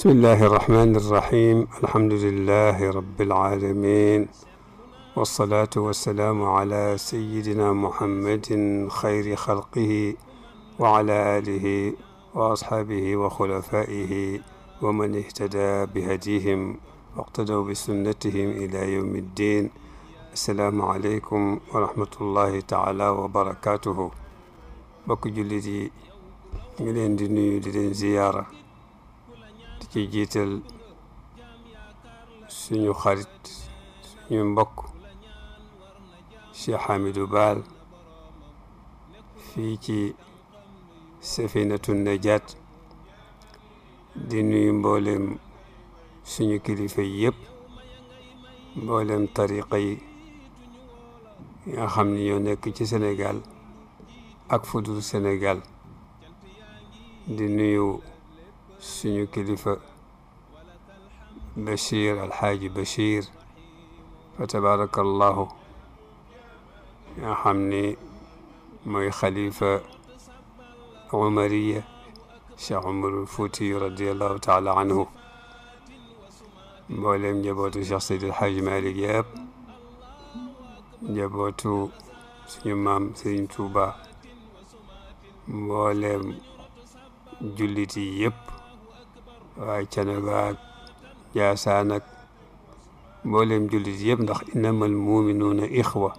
بسم الله الرحمن الرحيم الحمد لله رب العالمين والصلاة والسلام على سيدنا محمد خير خلقه وعلى آله وأصحابه وخلفائه ومن اهتدى بهديهم واقتدوا بسنتهم إلى يوم الدين السلام عليكم ورحمة الله تعالى وبركاته بكجلدي جلدي ملين دي زياره di ci jiital suñu xarit suñu mbokk Cheikh Hamidou Baal fii ci Safinatu Najaat di nuyu mboolem suñu kilifa yi yëpp mboolem tariqa yi nga xam ni ñoo nekk ci Sénégal ak fudul Sénégal di nuyu سنو كليفة بشير الحاج بشير فتبارك الله يا حمني موي خليفة عمرية شيخ عمر الفوتي رضي الله تعالى عنه مولم جبوتو شيخ سيد الحاج مالك ياب جبوتو سنو مام سنو توبا مولم جلتي يب waaye canabaag jaasaan ak mboolem jullit yëpp ndax innamal muuminuuna ixwa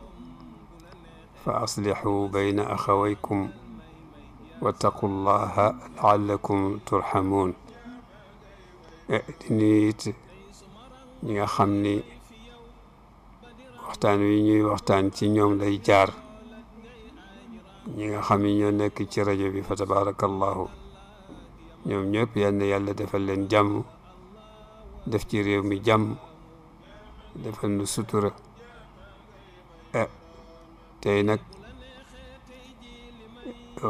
fa aslixu bayna axawaykum wattaqu llaha laallakum turxamuun di nuyu it ñi nga xam ni waxtaan wi ñuy waxtaan ci ñoom lay jaar ñi nga xam ni ñoo nekk ci rajo bi fa tabaarakallahu ñoom ñëpp yal yàlla defal leen jàmm def ci réew mi jàmm defal nu sutura ah tey nag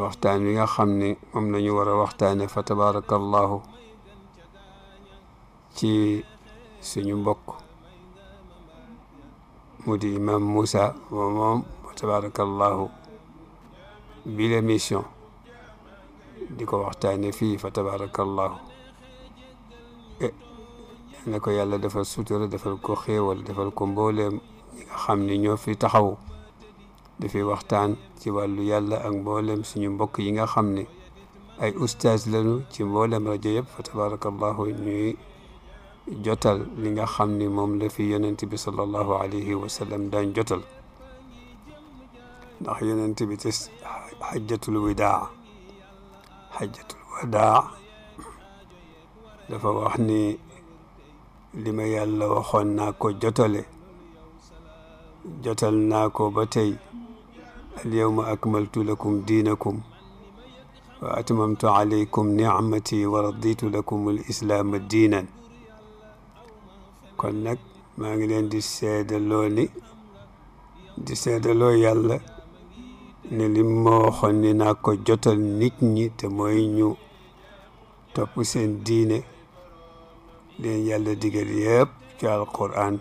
waxtaan wi nga xam ni moom la ñu war a waxtaane fa tabarakallahu ci suñu mbokk mu di imam Moussa moom moom fa tabarakallahu bi l'émission di ko waxtaane fii fa tabarakallahu na ko yàlla defal sutura defal ko xéewal defal ko mbooleem ñi nga xam ne ñoo fi taxaw dafay waxtaan ci wàllu yàlla ak mbooleem suñu mbokk yi nga xam ne ay ustaas lañu ci mbooleem rajo yëpp fa tabarakallahu ñuy jotal li nga xam ni moom la fi yonent bi sallallahu alayhi wa sallam daan jotal ndax yonent bi ci xajjatul widaa حجة الوداع دفا وحني لما يلا وخون ناكو جتولي جتل ناكو بتي اليوم أكملت لكم دينكم وأتممت عليكم نعمتي ورضيت لكم الإسلام دينا كنك ما دي السيدة اللوني دي السيدة اللوني ne lim ma waxoon ko jotal nit ñi te mooy ñu topp seen diine leen yàlla digal yëpp ci alquran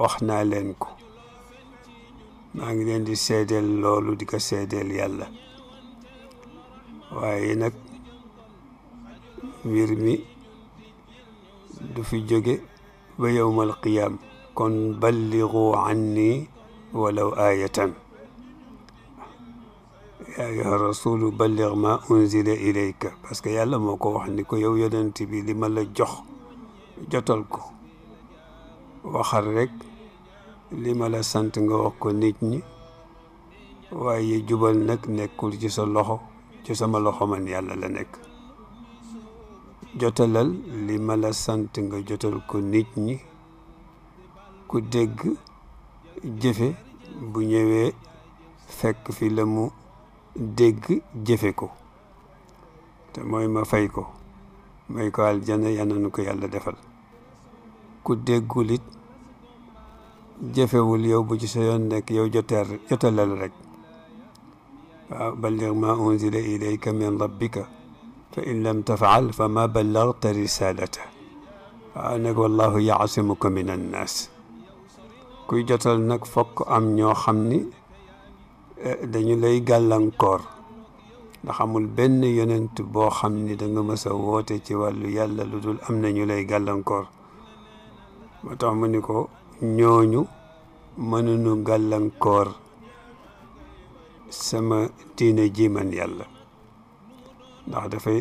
wax naa leen ko maa ngi leen di seedeel loolu di ko seedeel yàlla waaye nag mbir mi du fi jóge ba yowmal kon balligu anni walaw aayatan ayyuha rasulu balligh ma unzila ilayka parce que yàlla moo ko wax ni ko yow yonent bi li ma la jox jotal ko waxal rek li ma la sant nga wax ko nit ñi waaye jubal nag nekkul ci sa loxo ci sama loxo man yàlla la nekk jotalal li ma la sant nga jotal ko nit ñi ku dégg jëfe bu ñëwee fekk fi la mu dégg jëfe ko te mooy ma fay ko may ko aljana yal na nu ko yàlla defal ku déggul it jëfewul yow bu ci sa yoon nekk yow joteer jotalal rek waaw balligh ma unzila ilayka min rabbika fa in lam tafaal fa ma ballagta risalata waaw nag wallahu yaasimuka min annaas kuy jotal nag fokk am ñoo xam ni dañu lay gàllankoor da xamul benn yonent boo xam ni da nga mës a woote ci wàllu yàlla lu dul am na ñu lay gàllankoor ma tax mu ni ko ñooñu mënuñu gàllankoor sama diine ji man yàlla ndax dafay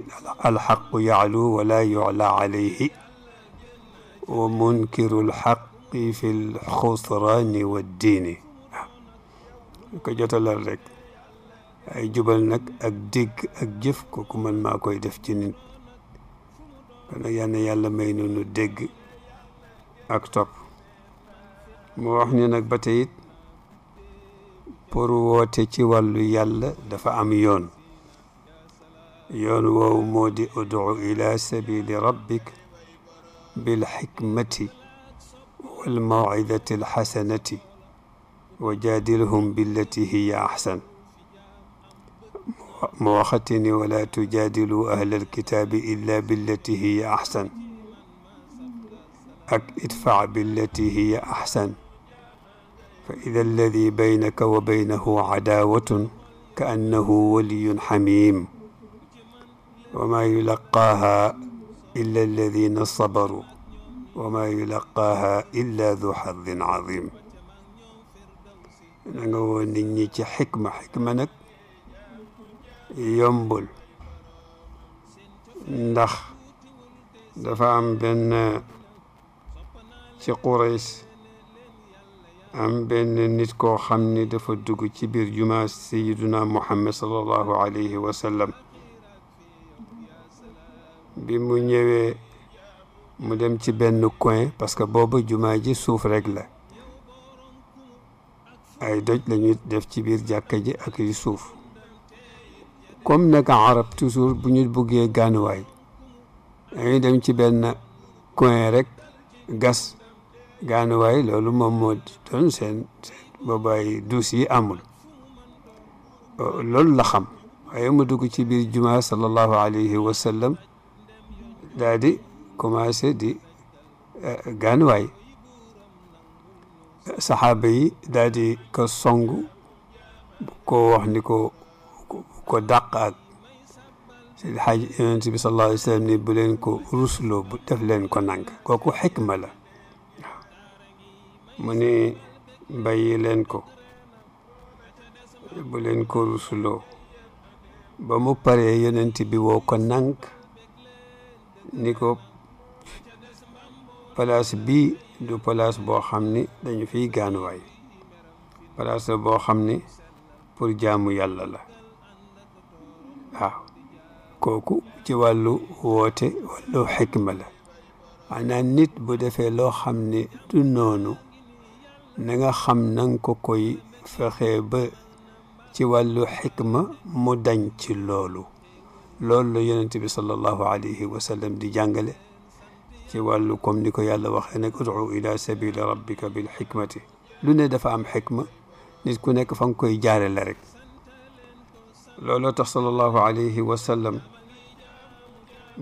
alxaqu yaalu wala yucla alayhi wa munkiru alxaqi fi alxusraani wa ddiini ko jotalal rek ay jubal nag ak digg ak jëf kooku man maa koy def ci nit kon nag yal na yàlla may nu nu dégg ak topp mu wax ni nag ba tey it pour woote ci wàllu yàlla dafa am yoon yoon woowu moo di ud'u ila sabili rabbik bil xikmati wal mawidati alxasanati وجادلهم بالتي هي أحسن مواختني ولا تجادلوا أهل الكتاب إلا بالتي هي أحسن أك ادفع بالتي هي أحسن فإذا الذي بينك وبينه عداوة كأنه ولي حميم وما يلقاها إلا الذين صبروا وما يلقاها إلا ذو حظ عظيم da nga woo nit ñi ci xikma xikma nag yombul ndax dafa am benn ci Quraysh am benn nit koo xam ni dafa dugg ci biir juma sayiduna muhammad sallallahu alayhi wa sallam bi mu ñëwee mu dem ci benn coin parce que boobu juma ji suuf rek la ay doj lañuy def ci biir jàkka ji ak yu suuf comme nag arab toujours bu ñu buggee gaanuwaay dañuy dem ci benn coin rek gas gaanuwaay loolu moom moo seen seen boobaay duus yi amul loolu la xam waaye mu dugg ci biir jumaa sallallahu alayhi wa sallam daal di commencé di eh, gaanuwaay saxaaba yi daal di ko song ko wax ni ko ko dàq ak sidi bi sallallahu alayhi wa ni bu ko rusloo bu def leen ko nànk kooku xikma la mu ni bàyyi leen ko bu ko rusloo ba mu pare yonent bi woo ko nànk ni ko place bii du place boo xam ni dañu fiy gaanuwaay place la boo xam ni pour jaamu yàlla la waaw kooku ci wàllu woote wàllu xikma la maanaam nit bu defee loo xam ni du noonu na nga xam nanga ko koy fexee ba ci wàllu xikma mu dañ ci loolu loolu la yonent bi sallallahu alayhi wa di jàngale ci wàllu comme ni ko yàlla waxee nag udu ila sabili rabbika bil xikmati lu ne dafa am xikma nit ku nekk fa nga koy jaare la rek looloo tax sallallahu alayhi wa sallam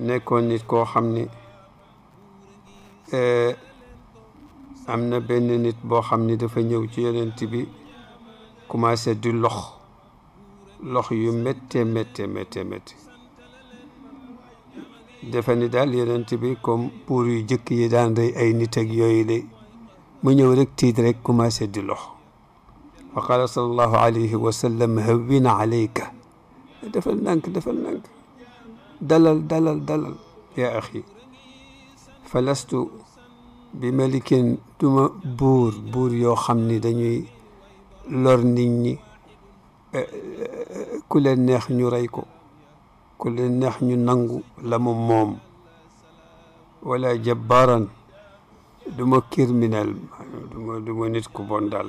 nekkoon nit koo xam ne am na benn nit boo xam ne dafa ñëw ci yonent bi commencé di lox lox yu métte métte métte métte defani dal yonenti bi comme pour yu jëkk yi daan day ay nit ak yooyu la mu ñëw rek tiit rek commencé di lox wa qala sallallahu alayhi wa sallam hawwin alayka defal nank defal nank dalal dalal dalal ya akhi falastu lastu bi malikin duma bur bur yo xamni dañuy lor nit ñi ku leen neex ñu rey ko ku leen neex ñu nangu la mu moom wala jabbaaran du ma criminel du du ma nit ku bon daal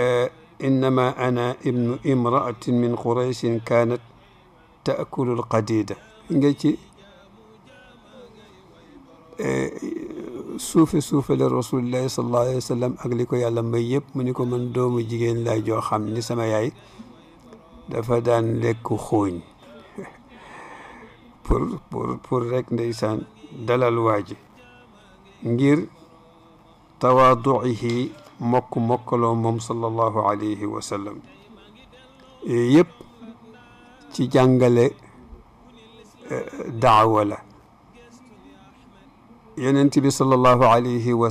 eh, innama ana ibnu imraatin min qurayshin kaanat taakulu alqadida nga ci suufe eh, suufe la rasulillahi sallallahu alayhi wa sallam li ko yàlla may yëpp mu ni ko man doomu jigéen laa joo xam ni sama yaay dafa daan lekk xooñ pour pour pour rek dalal waa ji ngir tawaaduihi mokk mokkaloo moom sallallahu alayhi wa sallam yooyu yëpp ci jàngale eh, daawa la yonent bi alayhi wa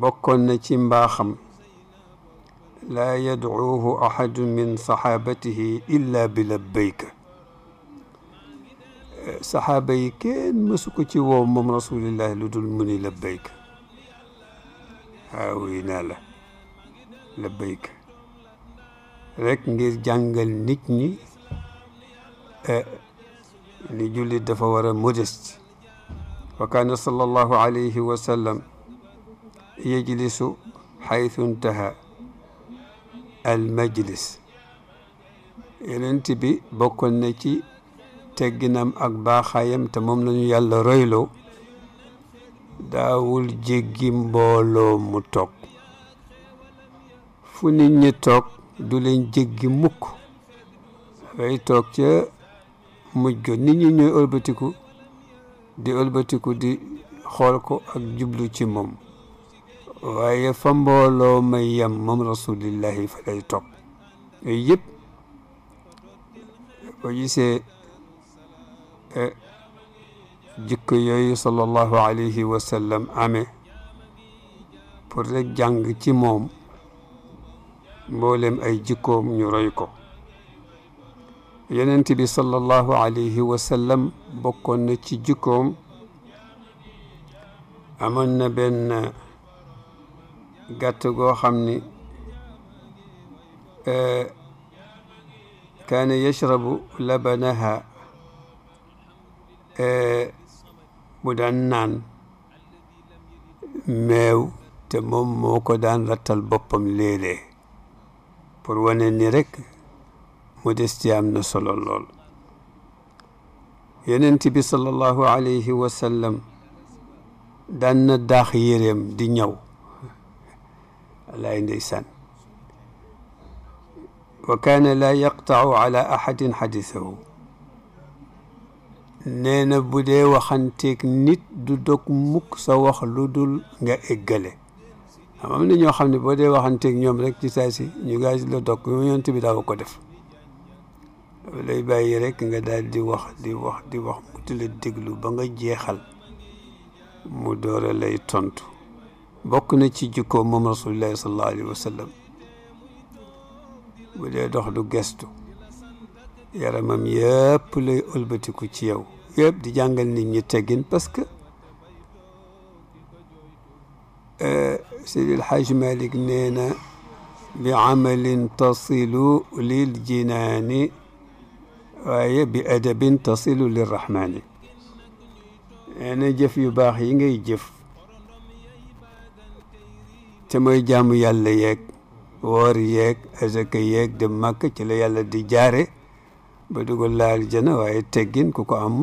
bokkoon na ci mbaaxam لا يدعوه أحد من صحابته إلا بلبيك saxaaba yi kenn mësu ko ci woo moom rasulillahi lu dul mu ni labbayk waaw yi naa la labbayk rek ngir jàngal nit ñi ni jullit dafa war a modeste wa kaana sallallahu alayhi wa sallam yajlisu xaytu intaha al majlis yenent bi bokkoon na ci tegginam ak baaxaayam te moom lañu yàlla royloo daawul jéggi mbooloo mu toog fu nit toog du leen jéggi mukk dafay toog ca mujj nit ñi ëlbatiku di ëlbatiku di xool ko ak jublu ci moom waye fambolo may yam mom moom rasulillahi fa lay toog yooyu yëpp boo jikko yoyu sallallahu alayhi wa sallam amé pour rek jàng ci mom mbollem ay jikkoom ñu roy ko yenen tibi sallallahu alayhi wa sallam bokkon ci jikkoom amon na ben gàtt goo xam ni kaana yashrabu labanaha bu daan naan meew te moom moo ko daan rattal boppam léeg-léeg pour wane ni rek modestie am na solo lool yonent bi sallallahu alayhi wa sallam daan na daax yéreem di ñaw wallaay ndeysaan wa kaana laa yaqtau ala ahadin xadisahu nee na bu dee waxanteeg nit du dog mukk sa wax lu dul nga éggale xam am na ñoo xam ne boo dee waxanteeg ñoom rek ci saa si ñu gaas la dog mu yont bi daaw ko def lay bàyyi rek nga daal di wax di wax di wax mu la déglu ba nga jeexal mu doora lay tontu bokk na ci jikkoom moom rasulillahi sallallahu alayhi wa dee dox du gestu yaramam yëpp lay ëlbatiku ci yow yëpp di jàngal nit ñi teggin parce que euh, Seydi El Hadj Malick nee na bi amalin tasilu lil jinaani waaye bi adabin tasilu lirrahmaani nee na jëf yu baax yi ngay jëf ca mooy jaamu yàlla yeeg woor yeeg azaka yeeg dem màkk ci la yàlla di jaare ba dugal la aljana waaye teggin ku ko am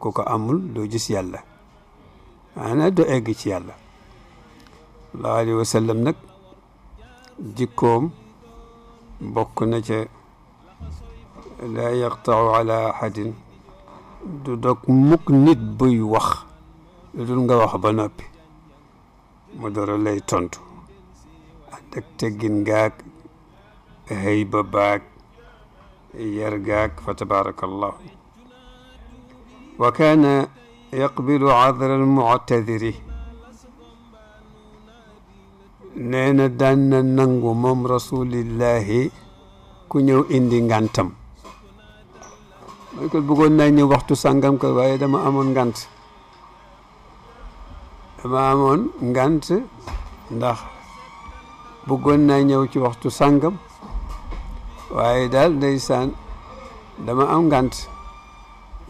ku ko amul doo gis yàlla maanaa doo egg ci yàlla sallallahu wa sallam nag jikkoom bokk na ca laa yaqtau ala ahadin du dog mukk nit buy wax lu dul nga wax ba noppi mu doro lay tontu teg teggin gaag xëy ba baag yar gaag fa tabaarakallahu wa kaana yaqbilu cadra almuctadiri nee na daan nangu moom rasulillahi ku ñëw indi ngantam man ko bëggoon naa ñëw waxtu sàngam ko waaye dama amoon ngant dama amoon ngant bëggoon naa ñëw ci waxtu sàngam waaye daal ndeysaan dama am ngant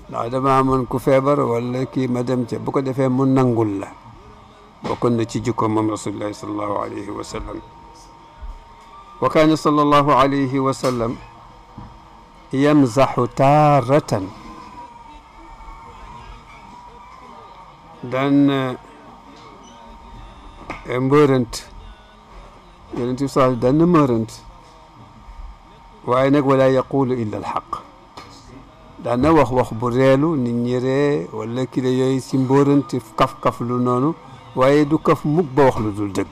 ndax dama amoon ku feebar wala kii ma dem ca bu ko defee mu nangul la bokkoon na ci jikko moom rasulullahi salallahu alayhi wa sallam wa kaana salallahu alayhi wa eh, mbërënt yonent bi saa daan na mërant waaye nag wala yaqulu illa alxaq daan na wax wax bu reelu ni ñi ree wala yooyu si mbóorante kaf-kaf lu noonu waaye du kaf mukk ba wax lu dul dëgg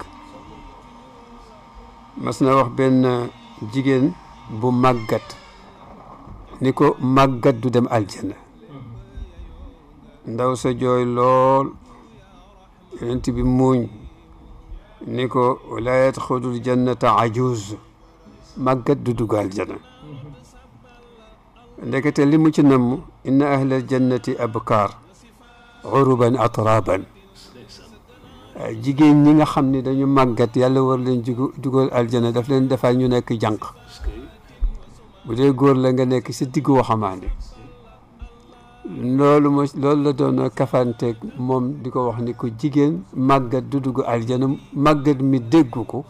mas na wax benn jigéen bu màggat ni ko màggat du dem aljanna ndaw sa jooy lool yonent bi muuñ ni ko la yadxulul jannata ajuz màggat du dugg aljana ndekete li mu ci namm inna ahlal jannati abkar uruban atraban jigéen ñi nga xam ni dañu màggat yàlla war leen jugu dugal aljana daf leen defaa ñu nekk jànq bu dee góor la nga nekk si diggu waxamaane loolu mooy loolu la doon kafanteeg moom di ko wax ni ko jigéen màggat du dugg aljana màggat mi dégg ko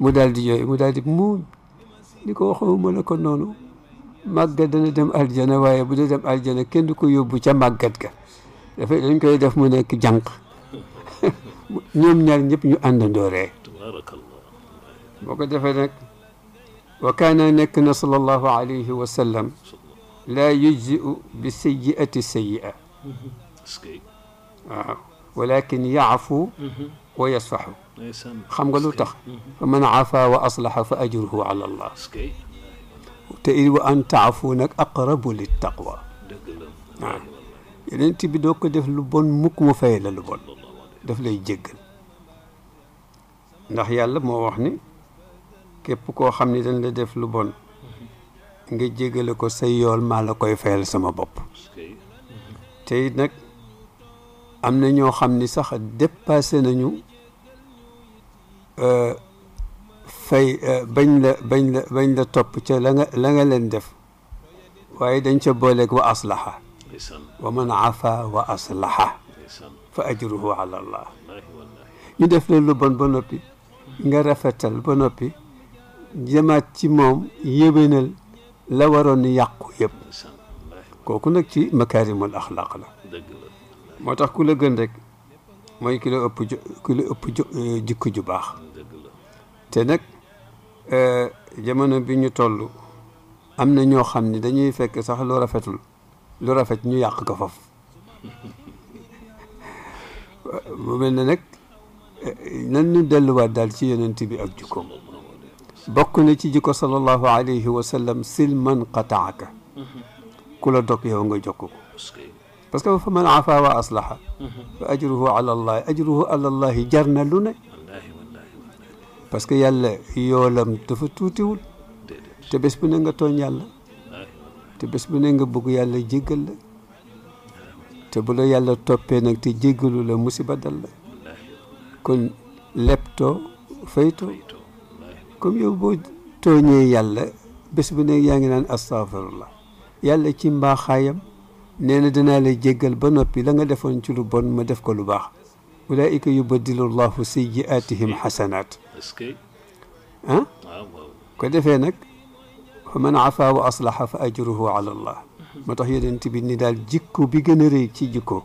mu daal di yooyu mu daal di muuñ ni ko waxuma la ko noonu màggat dana dem aljana waaye bu dee dem aljana kenn du ko yóbbu ca màggat ga dafay dañ koy def mu nekk jànq ñoom ñaar ñëpp ñu àndandooree boo ko defee nag wa kaana nekk na sallallahu alayhi wa لا يجزئ بالسيئة السيئة آه. ولكن يعفو ويصفح خم قالوا تخ فمن عفا وأصلح فأجره على الله تأيد وأن تعفونك أقرب للتقوى إذا نعم. يعني أنت بدوك دف لبون مك مفايل لبون دف لي جيجل نحيا الله موحني كيف كو خمني دن لدف لبون nga jégale ko say yool maa la koy fayal sama bopp te nag am na ñoo xam ni sax dépassé nañu euh, fay euh, bañ la bañ la bañ la topp ca la nga la nga leen def waaye dañ ca booleek wa aslaha wa man afa wa aslaha fa ajruhu ala allah ñu def leen lu bon ba noppi nga rafetal ba noppi jëmaat ci moom yéwénal لا لورون يقو يب كوكو نك تي مكارم الاخلاق لا موتاخ كولا گندك موي كيلو اوب كيلو اوب جيكو جو باخ تي نك ا آه، جامونو بي ني تولو امنا ньо خامني دانيي فك صاح لو رافتول لو رافت ني ياق كو فوف مو ملني آه، نك نان ني دلو وات دال سي يوننتي بي اك جوكوم bokk na ci jikko sallallahu alayhi wa sallam silman qataaka ku la dog yow nga jokk ko parce que fa man afa wa aslaha fa ajruhu ala allahi ajruhu ala allahi jar na lu ne parce que yàlla yoolam dafa tuutiwul te bés bu ne nga tooñ yàlla te bés bu ne nga bëgg yàlla jéggal la te bu la yàlla toppee nag te jéggalu la musiba dal la kon leptoo faytoo comme yow boo tooñee yàlla bés bu nekk yaa ngi naan la yàlla ci mbaaxaayam nee na danaa la jéggal ba noppi la nga defoon ci lu bon ma def ko lu baax ulaayika yubaddilu llahu sayyi'aatihim xasanaat ah ko defee nag fa man afa wa aslaha fa ajruhu ala allah moo tax yonent bi ni daal jikko bi gën a rëy ci jikko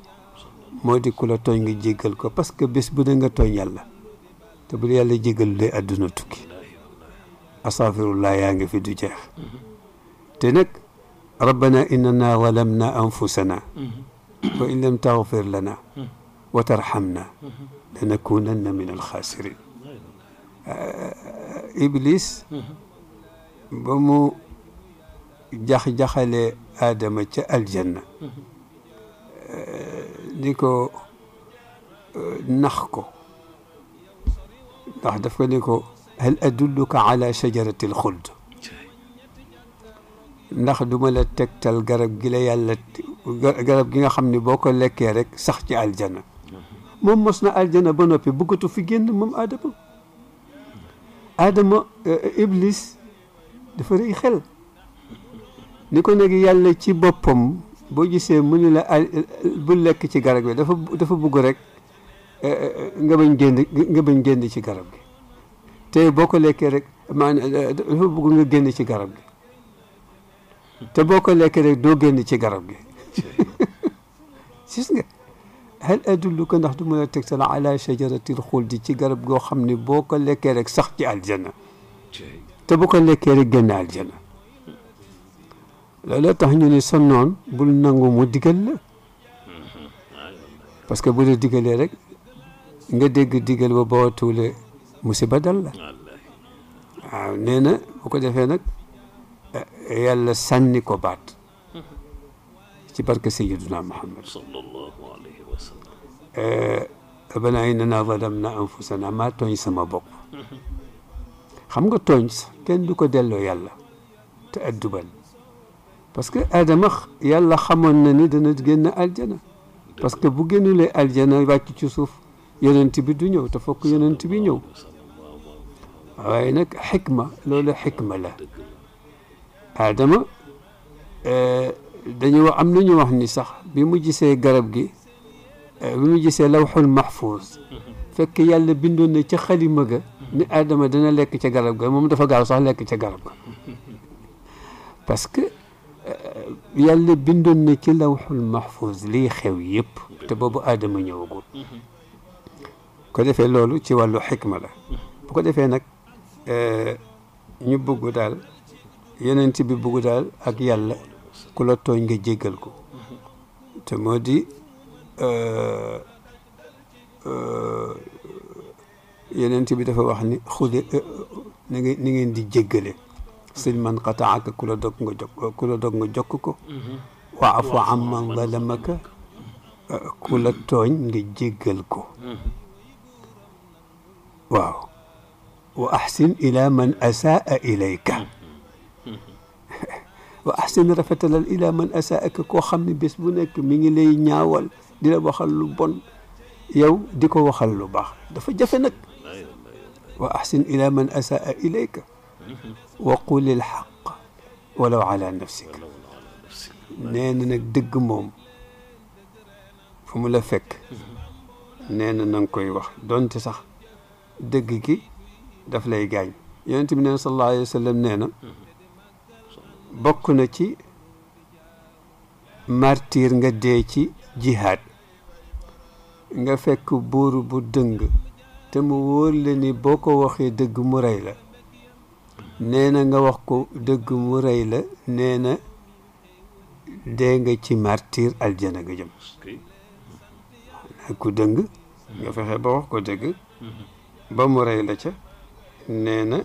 moo di ku la tooñ nga jéggal ko parce que bés bu ne nga tooñ yàlla te bu la yàlla jéggalu lay àdduna tukki أصافر لا يعني في دجاخ تنك ربنا إننا ظلمنا أنفسنا وإن لم تغفر لنا وترحمنا لنكونن من الخاسرين آه، إبليس بمو جخ جخل آدم الجنة آه، نيكو آه، نخكو نخدفك نيكو هل أدلك على شجرة الخلد ناخ دوما لا تكتال غرب جي لا يالا غرب جيغا خامني بوكو ليكي ريك ساخ تي الجنة موم مسنا الجنة بنوبي بوكوتو في ген موم ادم ادم آه، ابليس دفري خل نيكو نيغي يالا تي بوبوم بو جيسه موني لا آه، بو ليك تي غرب دا فا دا فا بوغو ريك nga bañ génd te boo ko lekkee rek maanaam eh, eh, dafa ci garab gi hmm. te boo ko lekkee rek doo génn ci garab gi gis nga hal adulluka ndax du mën a tegtal ala shajaratil xuldi ci garab goo xam ne boo ko lekkee rek sax ci aljanna te bu ko lekkee rek génn aljanna loolu tax ñu ne sa noon bul nangu mu digal la hmm. parce que bu la rek nga dégg digal ba bawatuule musiba dal la nee na bu ko defee nag eh, yàlla sànni ko baat ci barke sayiduna muhammad sallallahu alayhi wa sallam eh, rabbana innana zalamna maa tooñ sama bopp xam nga tooñ kenn du ko delloo yàlla te parce que Adama yàlla xamoon na ni dana génn aljana parce que bu génnulee aljana wàcc ci suuf yonent bi du ñëw te fokk yonent bi ñëw waaye nag xikma loolu xikma la aadama dañu wax am ñu wax ni sax bi mu gisee garab gi bi mu gisee lawxul mahfuus fekk yàlla bindoon na ca xalima ga ni aadama dana lekk ci garab ga moom dafa gaaw sax lekk ci garab ga parce que yàlla bindoon na ci lawxul mahfuus li xew yépp te boobu ñëw ñëwagul ko defee loolu ci wàllu xikma la bu ko defee nag Eh, ñu bëgg daal yenent bi bugg daal ak yàlla ku la tooñ nga jéggal ko te moo di eh, eh, yenent bi dafa wax ni xude ni ngeen ni ngeen di jéggale sin man xataaka ku dog nga jokk ku la dog nga ko mm-hmm. wa afu am man zalamaka ku la tooñ nga jéggal ko mm-hmm. waaw وأحسن إلى من أساء إليك وأحسن رفتل إلى من أساءك كو خمني بس بونك لي نياوال دي لا وخال لو بون يو ديكو وخال لو باخ دا وأحسن إلى من أساء إليك وقول الحق ولو على نفسك نين نك دغ موم فمو لا فك نين نانكوي واخ دونتي صح دغ كي daf lay gaañ yonent bi nee na sallallahu alayhi wa sallam nee na bokk na ci martir nga dee ci jihaad nga fekk buur bu dëng te mu wóor la ni boo ko waxee dëgg mu rey la neena nga wax ko dëgg mu rey la nee na dee nga ci martir aljana nga jëm ku dëng nga fexe ba wax ko dëgg ba mu rey la ca nee na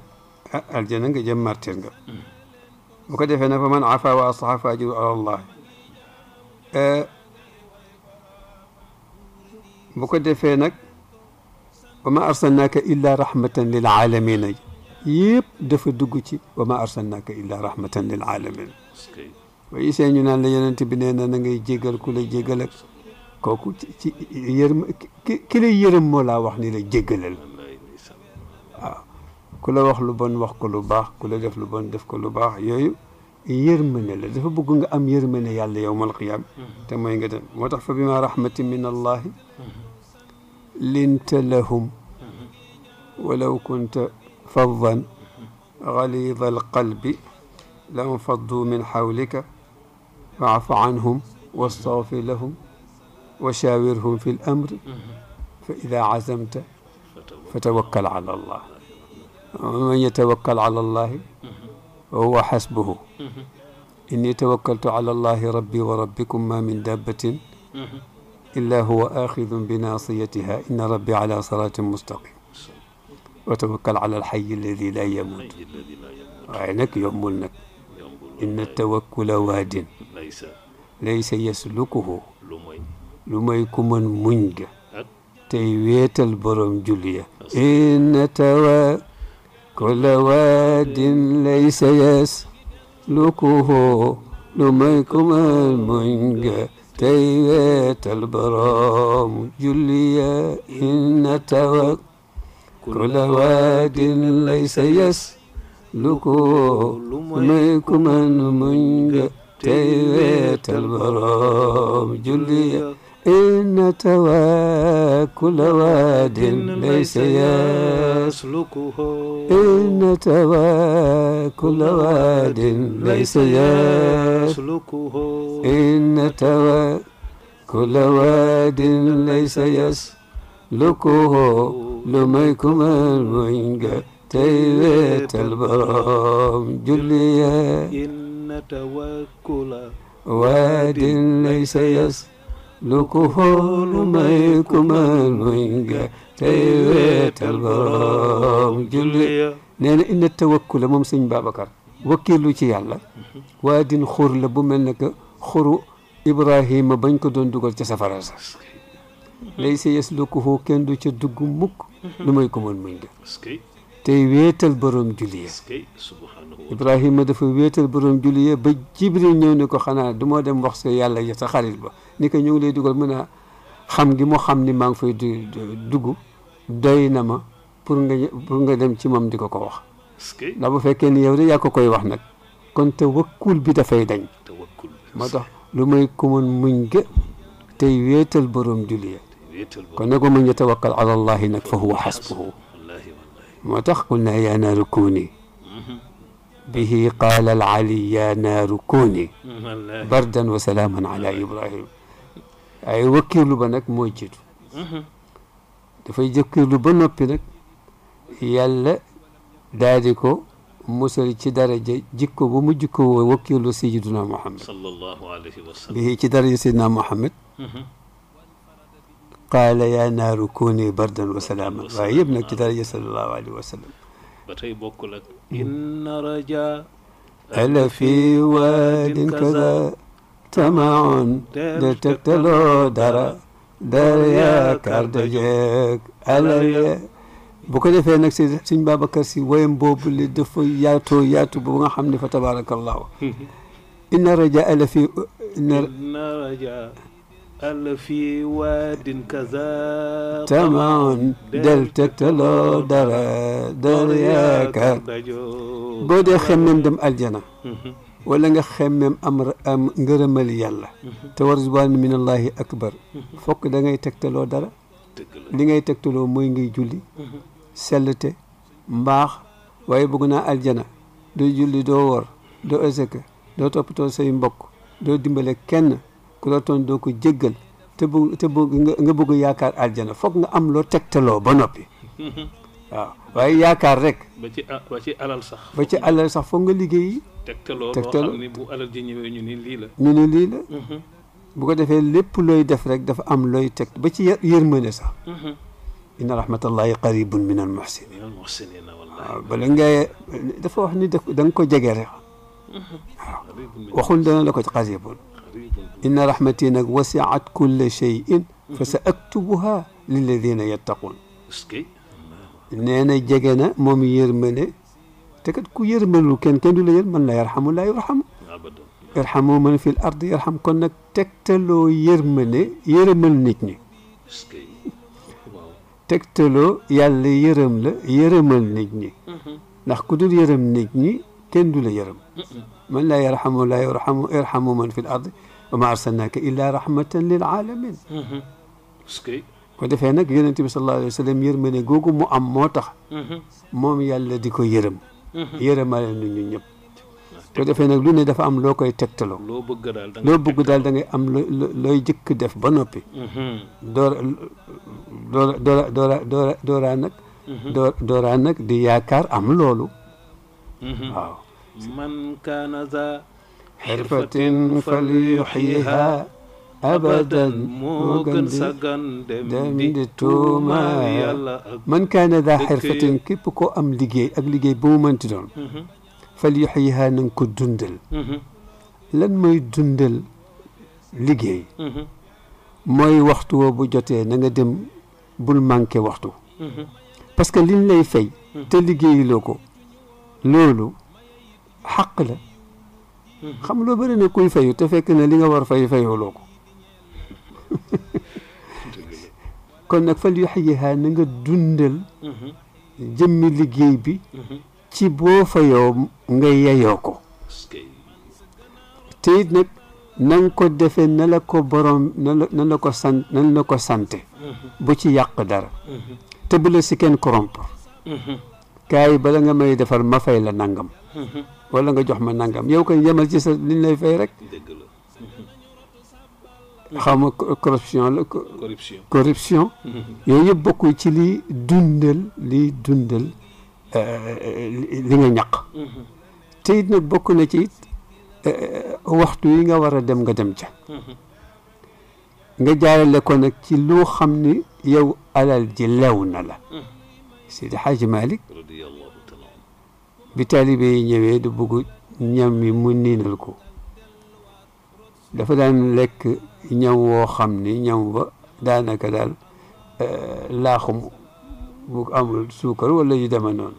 ah aljana nga jëm martir bu ko defee na fa man afa wa aslaha fa ajru ala allah eh, bu ko defee nag wa ma arsalnaaka illa rahmatan lil alamina yëpp dafa dugg ci wa ma arsalnaaka illa rahmatan lil alamin ba gisee ñu naan la yonent bi nee jégal ku la jégal ak kooku lay yërëm moo laa wax ni la jégalal كل واحد لو بون واخ باخ كولا ديف لو بون ديف باخ يويو يرمنا لا دافا بوغو ام يرمنا يالله يوم القيامه تا موي غا دم موتاخ فبما رحمه من الله لنت لهم ولو كنت فظا غليظ القلب لانفضوا من حولك فاعف عنهم واستغفر لهم وشاورهم في الامر فاذا عزمت فتوكل على الله ومن يتوكل على الله هو حسبه إني توكلت على الله ربي وربكم ما من دابة إلا هو آخذ بناصيتها إن ربي على صراط مستقيم وتوكل على الحي الذي لا يموت عينك يمول نك إن التوكل واد ليس يسلكه لميكم may تيويت البرم جليا إن توكل كل واد ليس يسلكه لميكم المنجا تيات البرام جليا إن توك كل واد ليس يسلكه لميكم المنجا تيات البرام جليا إن تواكل واد ليس يسلكه إن تواكل واد ليس يسلكه إن تواكل واد ليس يسلكه لميكم المعينجا تيبت البرام جليا إن تواكل واد ليس يسلكه lu ko xoolu may ku mën tey weetal borom julli nee na inna tawakkula moom sëñ Babacar wakkilu ci yàlla waa din xur la bu mel ne que xuru Ibrahima bañ ko doon dugal ca safara sa lay sa yes lu ko kenn du ca dugg mukk lu may ko mën tey weetal borom julli ibrahima dafa wéetal borom julli ya ba jibril ñëw ni ko xanaa du moo dem wax sa yàlla ya sa xarit ba ni ko ñu ngi lay dugal mën a xam gi mu xam ni maa ngi fay dugg doy na ma pour nga dem ci moom di ko ko wax ndax bu fekkee ni yow de yaa ko koy wax nag kon te wëkkul bi dafay dañ moo tax lu may ku mën muñ gë tey wéetal borom julli ya kon nag man yatawakkal ala allahi nag fa huwa xasbuhu moo tax qul naa yaa naaru kuuni به قال العلي يا نار كوني بردا وسلاما على ابراهيم اي وكيل بنك موجد دفاي جكيل بنوبي نك يالا داديكو مسل تي درجه جيكو بو مجكو وكيل سيدنا محمد صلى الله عليه وسلم به تي درجه سيدنا محمد قال يا نار كوني بردا وسلاما غايبنا تي درجه صلى الله عليه وسلم ba tey bokkul ak inna raja ala fi waadin kaza tamaon de tegtaloo dara dar yaakaar dajeeg alaye bu ko defee nag si suñ Babacar si woyam boobu li dafa yaatoo yaatu bu nga xam ne fa tabaarakallahu hmm. inna raja ala fi inna raja al fi waadin kaza tamaan del tegtaloo dara dara yaakaar boo dee xemmem dem aljana mhm. wala nga xemmem am am ngërëmal yàlla mhm. te war ridwaan min akbar mhm. fokk da ngay tegtaloo dara li ngay tegtaloo mooy ngay julli sellte mbaax waaye bëgg na aljana doo julli doo wor doo asaka doo toppatoo say mbokk doo dimbale kenn ku la tooñ ko jéggal te bu te bu nga bëgg yaakaar aljana foog nga am loo tegtaloo ba noppi waaw waaye yaakaar rek. ba ci ci alal sax. ba ci alal sax foog nga liggéeyi. tegtaloo loo xam ne bu alal ji ñëwee ñu mhm. ko defee lépp looy def rek dafa am looy teg ba ci yërmande sax. Mhm. inna rahmatallahi qaribun min al muhsinin. waaw bala ngay dafa wax ni danga ko jege rek. Mhm. waaw waxul dana la ko qaribun. إن رحمتي وسعت كل شيء فسأكتبها للذين يتقون إن أنا جاكنا موم يرمني تكت كو يرمن كان كان لا يرمن لا يرحم لا يرحم ارحموا من في الأرض يرحم كنا تكتلو يرمني يرمل نتني تكتلو يالي يرمل يرمل نتني نخ كدو يرم نتني كان لا يرم من لا يرحم لا يرحم ارحموا من في الأرض وما أرسلناك إلا رحمة للعالمين مسكي ko defee nag yonent bi sallallahu alayhi wa sallam yërmande googu mu am moo tax moom yàlla di ko yërëm yërëmale nu ñu ñëpp ko defee nag lu ne dafa am loo koy tegtaloo loo bëgg daal da ngay am looy jëkk def ba noppi doora doora doora doora doora dooraa nag doo dooraa nag di yaakaar am loolu waaw man kaana za xirfatin fal yuxyiha abadan moo gën di dem di tuumaal yàlla man kaana daa xirfatin képp koo am liggéey ak liggéey bu mu mënti doon fal yuxyiha na nga ko dundal lan mooy dundal liggéey mooy waxtu woo bu jotee na nga dem bul manqué waxtu parce que lay fay te liggéeyiloo ko loolu xaq xam loo bari ne kuy fayu te fekk ne li nga war fayu fayoo loo ko kon nag fal yu xayihaa na nga dundal mhm. jëmmi liggéey bi mhm. ci boo fayoo nga yeyoo ko te it nag na ko defe na la ko borom na la ko sante mhm. bu ci yàq dara te si kenn corrompre kaay bala nga may defar ma fay la nangam wala nga jox ma nangam yow koy yemal ci sa liñ lay fay rek xaw ma corruption la corruption yooyu yëpp bokk ci li dundal liy dundal euh, li nga ñaq te it nag bokk na ci it euh, waxtu yi nga war a dem nga dem ca nga jaarale ko nag ci loo xam ni yow alal ji lew na la Seydi Haaji Malick bi taalibe yi ñëwee du bëgg ñam wi mu niinal ko dafa daan lekk ñam woo xam ni ñam ba daanaka daal euh, laaxum bu amul suukar wala yu deme noonu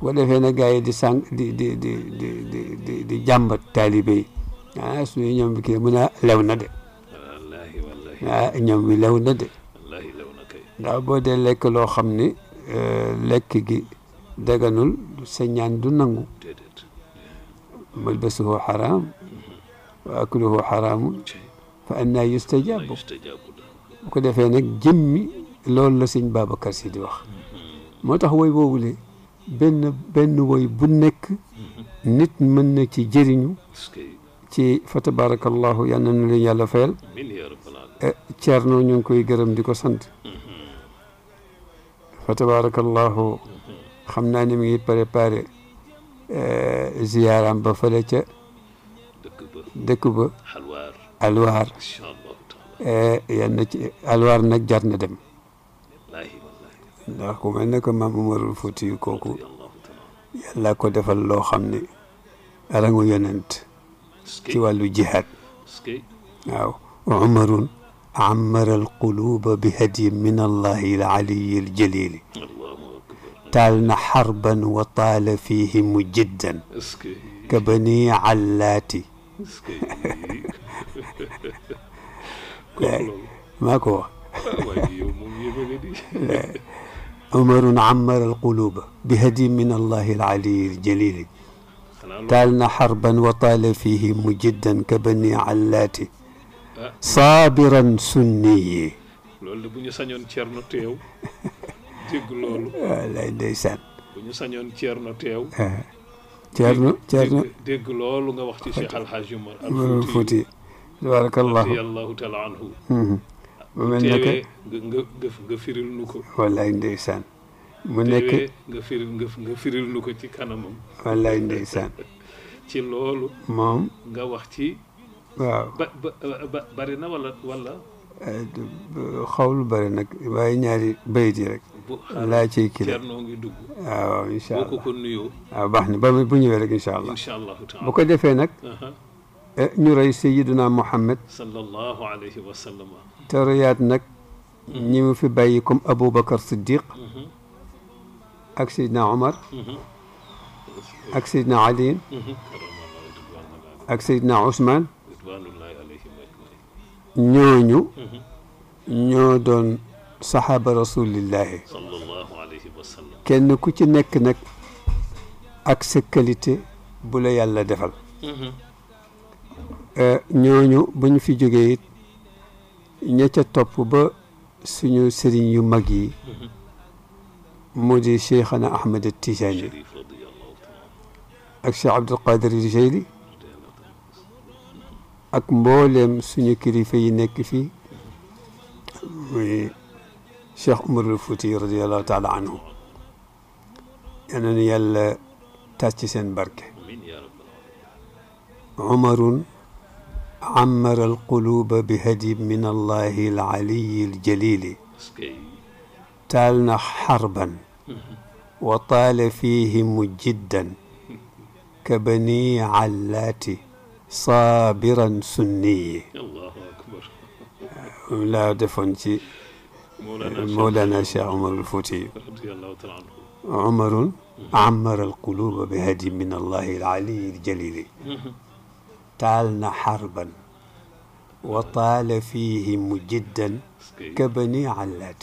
boo defee na di sànq di di di di di di di jàmbat taalibe ah, ñam bi kii mun a lew na de ah, ñam bi lew na de ndax boo dee lekk loo xam ni euh, lekk gi daganul sa ñaan du nangu malbasuhu xaraam wa akluhu xaraamun fa annaa yustajaabu ko defee nag jëmmi loolu la sëñ Babacar Si di mm-hmm. moo tax woy woowule benn benn woy bu nekk mm-hmm. nit mën na ci jëriñu ci fa tabarakallahu yal na nu leen yàlla fayal eh, Ceerno ñu ngi koy gërëm di ko sant mm-hmm. fa tabarakallahu xam naa ni mi ngi préparé euh, ziyaaram ba fële ca dëkk ba alwaar euh, yal alwaar nag jar na dem ndax ku mel ne Umarul Fuuti yu kooku ko defal loo xam ne rangu yonent ci wàllu jihaad waaw umarun ammara alquluba bi hadyi min allahi al aliyi al jalili taal na xarban wa taala fihimu jiddan ka bani allaati maa ko wax umarun amara alquluba bihadi min allahi alaliyi aljalili taal na xarban wa taala fihimu jiddan ka bani allaati saabiran sunniyi loolu bu ñu sañoon cerno teew dégg loolu. wallaay ndeysaan. bu ñu sañoon Thierno teew. Ah. Thierno Thierno dégg loolu nga wax ci Cheikh Al Hadj Umar. al mel ne que nga nga firil nu ko. wallaay ndeysaan. mu nekk nga firil nga firil nu ko ci kanamam. wallaay ndeysaan. ci loolu. moom nga wax ci. waaw ba walla walla eh, xaw lu bari nag waaye ñaari bayit yi rek. لا شيء كذا آه إن شاء الله بوكو كنيو آه بحني بني بني ولك إن شاء الله إن شاء الله تعالى بوكو ده فينك نوري سيدنا محمد صلى الله عليه وسلم ترياتنك نيم في بايكم أبو بكر الصديق أكسيدنا عمر أكسيدنا علي أكسيدنا عثمان نيو نيو نيو دون saxaaba rasulillahi kenn ku ci nekk nag ak sa qualité bu la yàlla defal mhm. eh, ñooñu buñ fi jógee it topp ba suñu sëriñ yu mag yi mhm. mu di cheikhana ahmed tijaani ak cheikh abdul qadir ak mbooleem suñu kilifa yi nekk fi شيخ عمر الفوتي رضي الله تعالى عنه يعني يلا تاتي سين بركة عمر عمر القلوب بهدي من الله العلي الجليل تالنا حربا وطال فيهم جدا كبني علات صابرا سني الله اكبر لا دفنتي مولانا شيخ عمر الفوتي رضي الله تعالى عنه عمر عمر القلوب بهدي من الله العلي الجليل تعالنا حربا وطال فيهم جدا كبني علات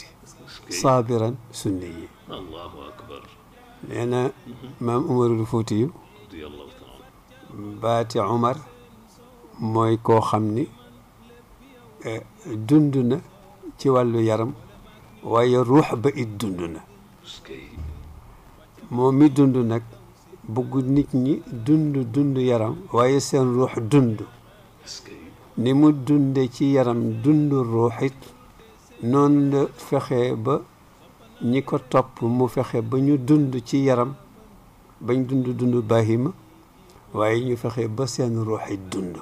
صابرا سني الله اكبر لان مام عمر الفوتي رضي الله تعالى باتي عمر موي كو خمني آه، دندنا تي والو يرم waaye ruux ba it dund na moom mi dund nag bëgg nit ñi dund dund yaram waaye seen ruux dund ni mu dunde ci yaram dund ruuxit noonu la fexe ba ñi ko topp mu fexe ba ñu dund ci yaram bañ dund dund bahima waaye ñu fexe ba seen ruuxit dund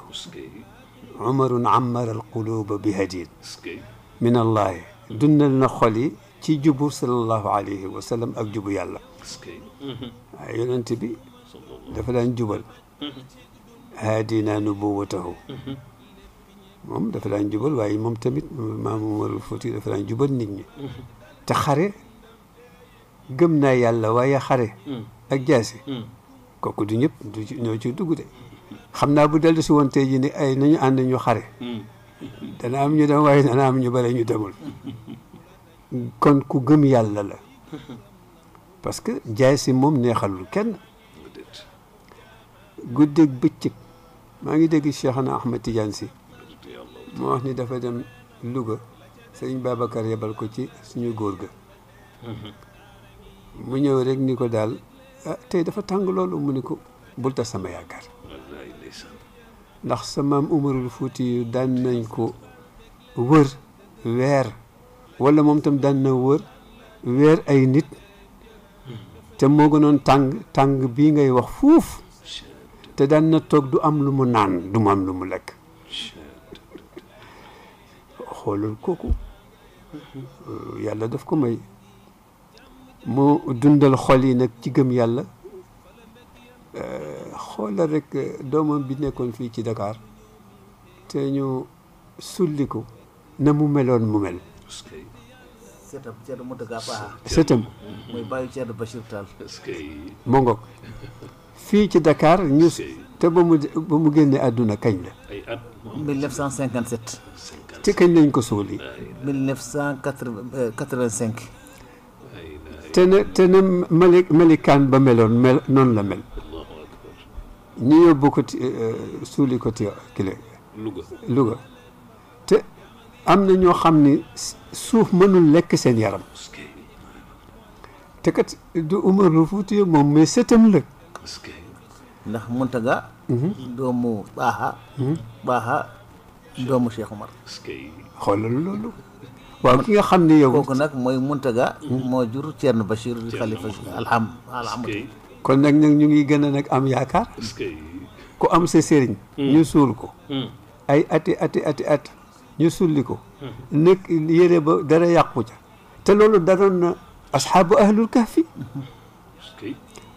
umarun amara alquluba bi hadid min allahi dundal na xol yi ci jubu sallallahu alayhi ak jubu yàlla waaye yonent bi dafa daan jubal haadina nubuwatahu moom dafa daan jubal waaye moom tamit maam Umarul Fuuti dafa daan jubal nit ñi te xare gëm naa yàlla waaye xare ak jaasi kooku du ñëpp du ñoo dugg de xam naa bu dellu si woon tey jii ni ay ànd ñu xare dana am ñu dem waaye dana am ñu bare ñu demul kon ku gëm yàlla la parce que njaay si moom neexalul kenn guddeeg bëccëg maa ngi dégg Cheikhna Ahmed Tidiane si moo wax ni dafa dem Louga sëriñ Babacar yebal ko ci suñu góor ga mu ñëw rek ni ko daal ah tey dafa tàng loolu mu ni ko bul tas sama yaakaar ndax sa maam Umarul Fuuti daan nañ ko wër weer wala moom tam daan na wër weer ay nit te moo gënoon tàng tàng bii ngay wax fuuf te daan na toog du am lu mu naan du mu am lu mu lekk xoolul kooku yàlla daf ko may moo dundal xol yi nag ci yàlla xoolal rek euh, doomam bi nekkoon fii ci dakaar te ñu sulli ko na mu meloon mu mel. seetam Thierno Mountaga Ba. seetam. mooy bàyyi Thierno Bachir Tall. mu ngoog fii ci dakaar ñu. te ba mu mu génne àdduna kañ la. ay at te kañ lañ ko suuli. 1985. Euh, te ne te ne Malick Malick Kane ba meloon mel noonu la mel. ñu yóbbu ko eh, eh, suuli ko ti eh, kile Louga Louga te am na ñoo xam ni suuf mënul lekk seen yaram te kat du Umar lu Fuuti moom mais sëtam la ndax Muntaga mhm. doomu Baaxa mhm. Baaxa doomu Cheikh Umar xoolal loolu waaw ki nga xam ne yow kooku nag mooy ga mhm. moo jur Thierno Bachir xalifa alham alhamd kon nag nag ñu ngi gën a nag am yaakaar ku am sa sëriñ hmm. ñu suul ko hmm. ay ati ati ati at ñu sulli ko hmm. nekk yére ba dara yàqu ca te loolu danoon na asxaabu ahlul kahfi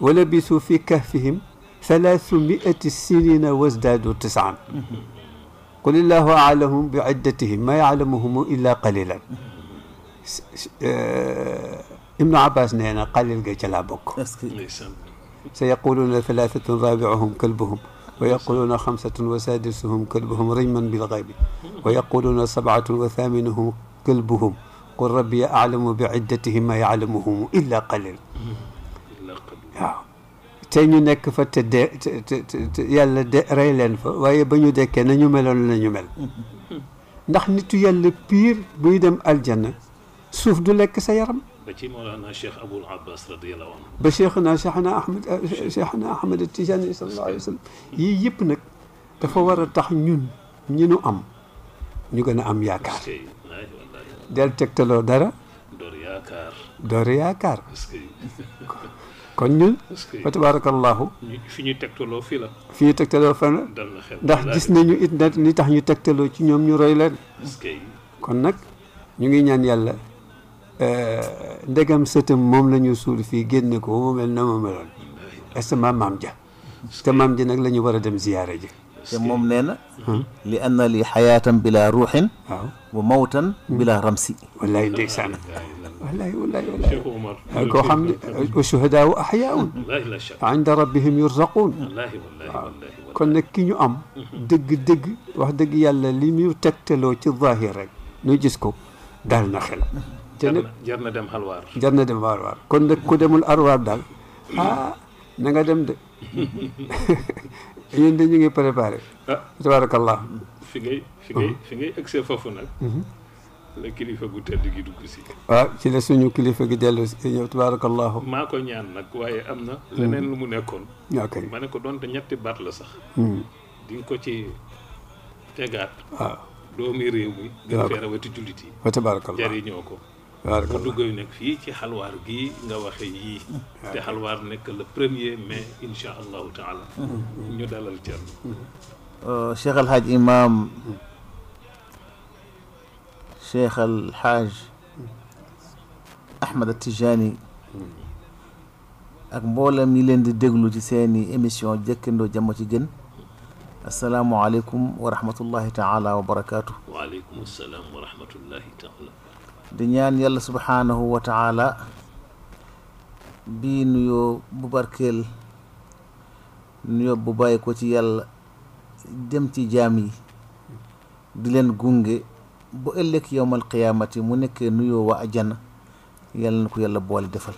wa labisu fi kahfihim salaasu miati sinina wasdaadu tisaan qul illahu aalamu bi iddatihim maa yaalamuhumu illa qalilan eh, ibnu abbas nee na qalil ga ca سيقولون ثلاثة رابعهم كلبهم ويقولون خمسة وسادسهم كلبهم ريما بالغيب ويقولون سبعة وثامنهم كلبهم قل ربي أعلم بعدتهم ما يعلمهم إلا قليل تاني نك فت يلا ريلن ويا بنيو ديك نيو ملون ولا مل نحن نتو يلا بير بيدم الجنة سوف دلك سيرم بتي مولانا الشيخ ابو العباس رضي الله عنه ba Cheikhuna Cheikhuna Ahmed Cheikhuna Ahmed Tijani sallallahu alayhi wa sallam yii yëpp nag dafa war a tax ñun ñi nu am ñu gën a am yaakaar del tegtaloo dara door yaakaar door yaakaar kon ñun fa tabarakallahu fi ñu tegtaloo fii la fi ñu tegtaloo fan la ndax gis nañu it ni tax ñu tegtaloo ci ñoom ñu roy leen kon nag ñu ngi ñaan yàlla Euh, ndegam sëtam moom la ñu suul fii génne ko mu mel na mu meloon est-ce que maam ja te maam ji nag la ñu war a dem ziyaare ji te moom nee na li anna li xayaatan bila ruuxin waaw wa mawtan bila ramsi wallaay ndeysaan wallaay wallaay wallaay a koo xam ne shuhadaa u axyaaun inda rabbihim yurzaquun waaw kon nag ki ñu am dëgg-dëgg wax dëgg yàlla li ñu tegtaloo ci zaahir rek ñu gis ko daal na xel te jar na dem xalwaar. jar na dem xalwaar kon nag ku demul arwaar daal ah dem de ñu ngi préparé. ah tabaarakallah fi ngay fi ngay uh-huh. fi ngay egg foofu nag. Uh-huh. kilifa gu tedd gi dugg waaw ah, ci la suñu kilifa gi dellu si ñëw tabaarakallahu maa ko ñaan nag waaye am na. leneen lu mu nekkoon. ok ma ne ko donte ñetti baat la sax. Hmm. di ko ci tegaat. waaw ah. doomi réew mi. Ah. waaw yi. wa jariñoo ko. bu dugg yu nekk fii ci xalwaar gi nga waxe yii te xalwaar nekk le premier mai insha allahu taala ñu dalal Thierno Cheikh Alhaaj Imam Cheikh Alhaaj Ahmed Tijani ak mboolem ñi leen di déglu ci seeni émission jëkkandoo jàmm ci gën asalaamualeykum wa rahmatullahi taala wa barakaatu waaleykum asalaam wa rahmatullahi taala di ñaan yàlla subhaanahu wa taala bii nuyoo bu barkeel nuyoo bu bàyyi ko ci yàlla dem ci jaam yi di leen gunge bu ëllëg yowmal qiyaamati mu nekkee nuyoo waa ajana yàlla na ko yàlla defal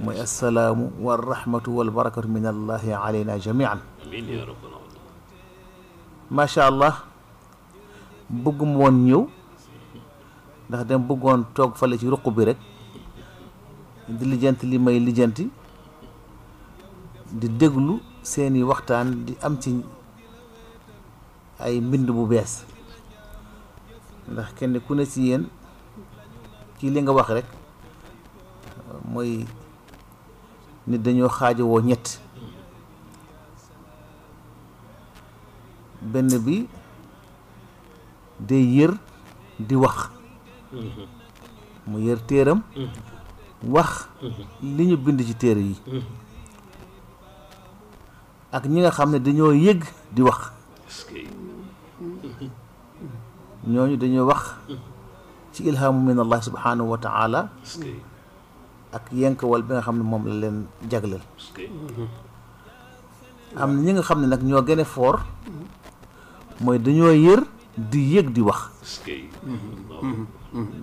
mooy assalaamu wa rahmatu wal barakatu min allahi alayna jamian macha allah bëggum woon ñëw ndax dem bëggoon toog fale ci ruq bi rek di lijjanti li may lijjanti di déglu seeni waxtaan di am ci ay mbind bu bees ndax kenn ku ne ci yéen ci li nga wax rek mooy nit dañoo xaajowoo ñett benn bi day yër di wax mu yër téeram wax li ñu bind ci téere yi ak ñi nga xam ne dañoo yëg di wax ñooñu dañoo wax ci ilhaamu min allah subhanahu wa taala ak yenkawal bi nga xam ne moom la leen jagleel am ñi nga xam ne nag ñoo gën a foor mooy dañoo yër di yëg di wax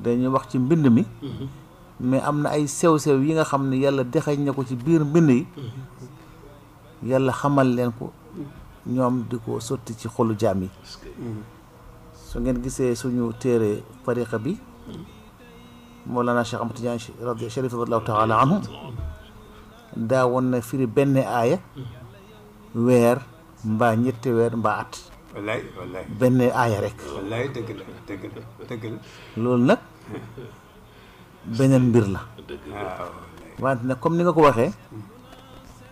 dañuy wax ci mbind mi mais am na ay sew-sew yi nga xam ne yàlla dexeñ na ko ci biir mbind yi yàlla xamal leen ko ñoom di ko sotti ci xolu jaam yi su ngeen gisee suñu téere tariqa bi moo Cheikh Ahmad Tidiane radi sharif radiallahu taala anhu daawoon na firi benn aaya weer mbaa ñetti weer mbaa at wallaay wallaay benn aaya rek. wallaay dëgg la dëgg la dëgg la. loolu nag beneen mbir la. wante nag comme ni nga ko waxee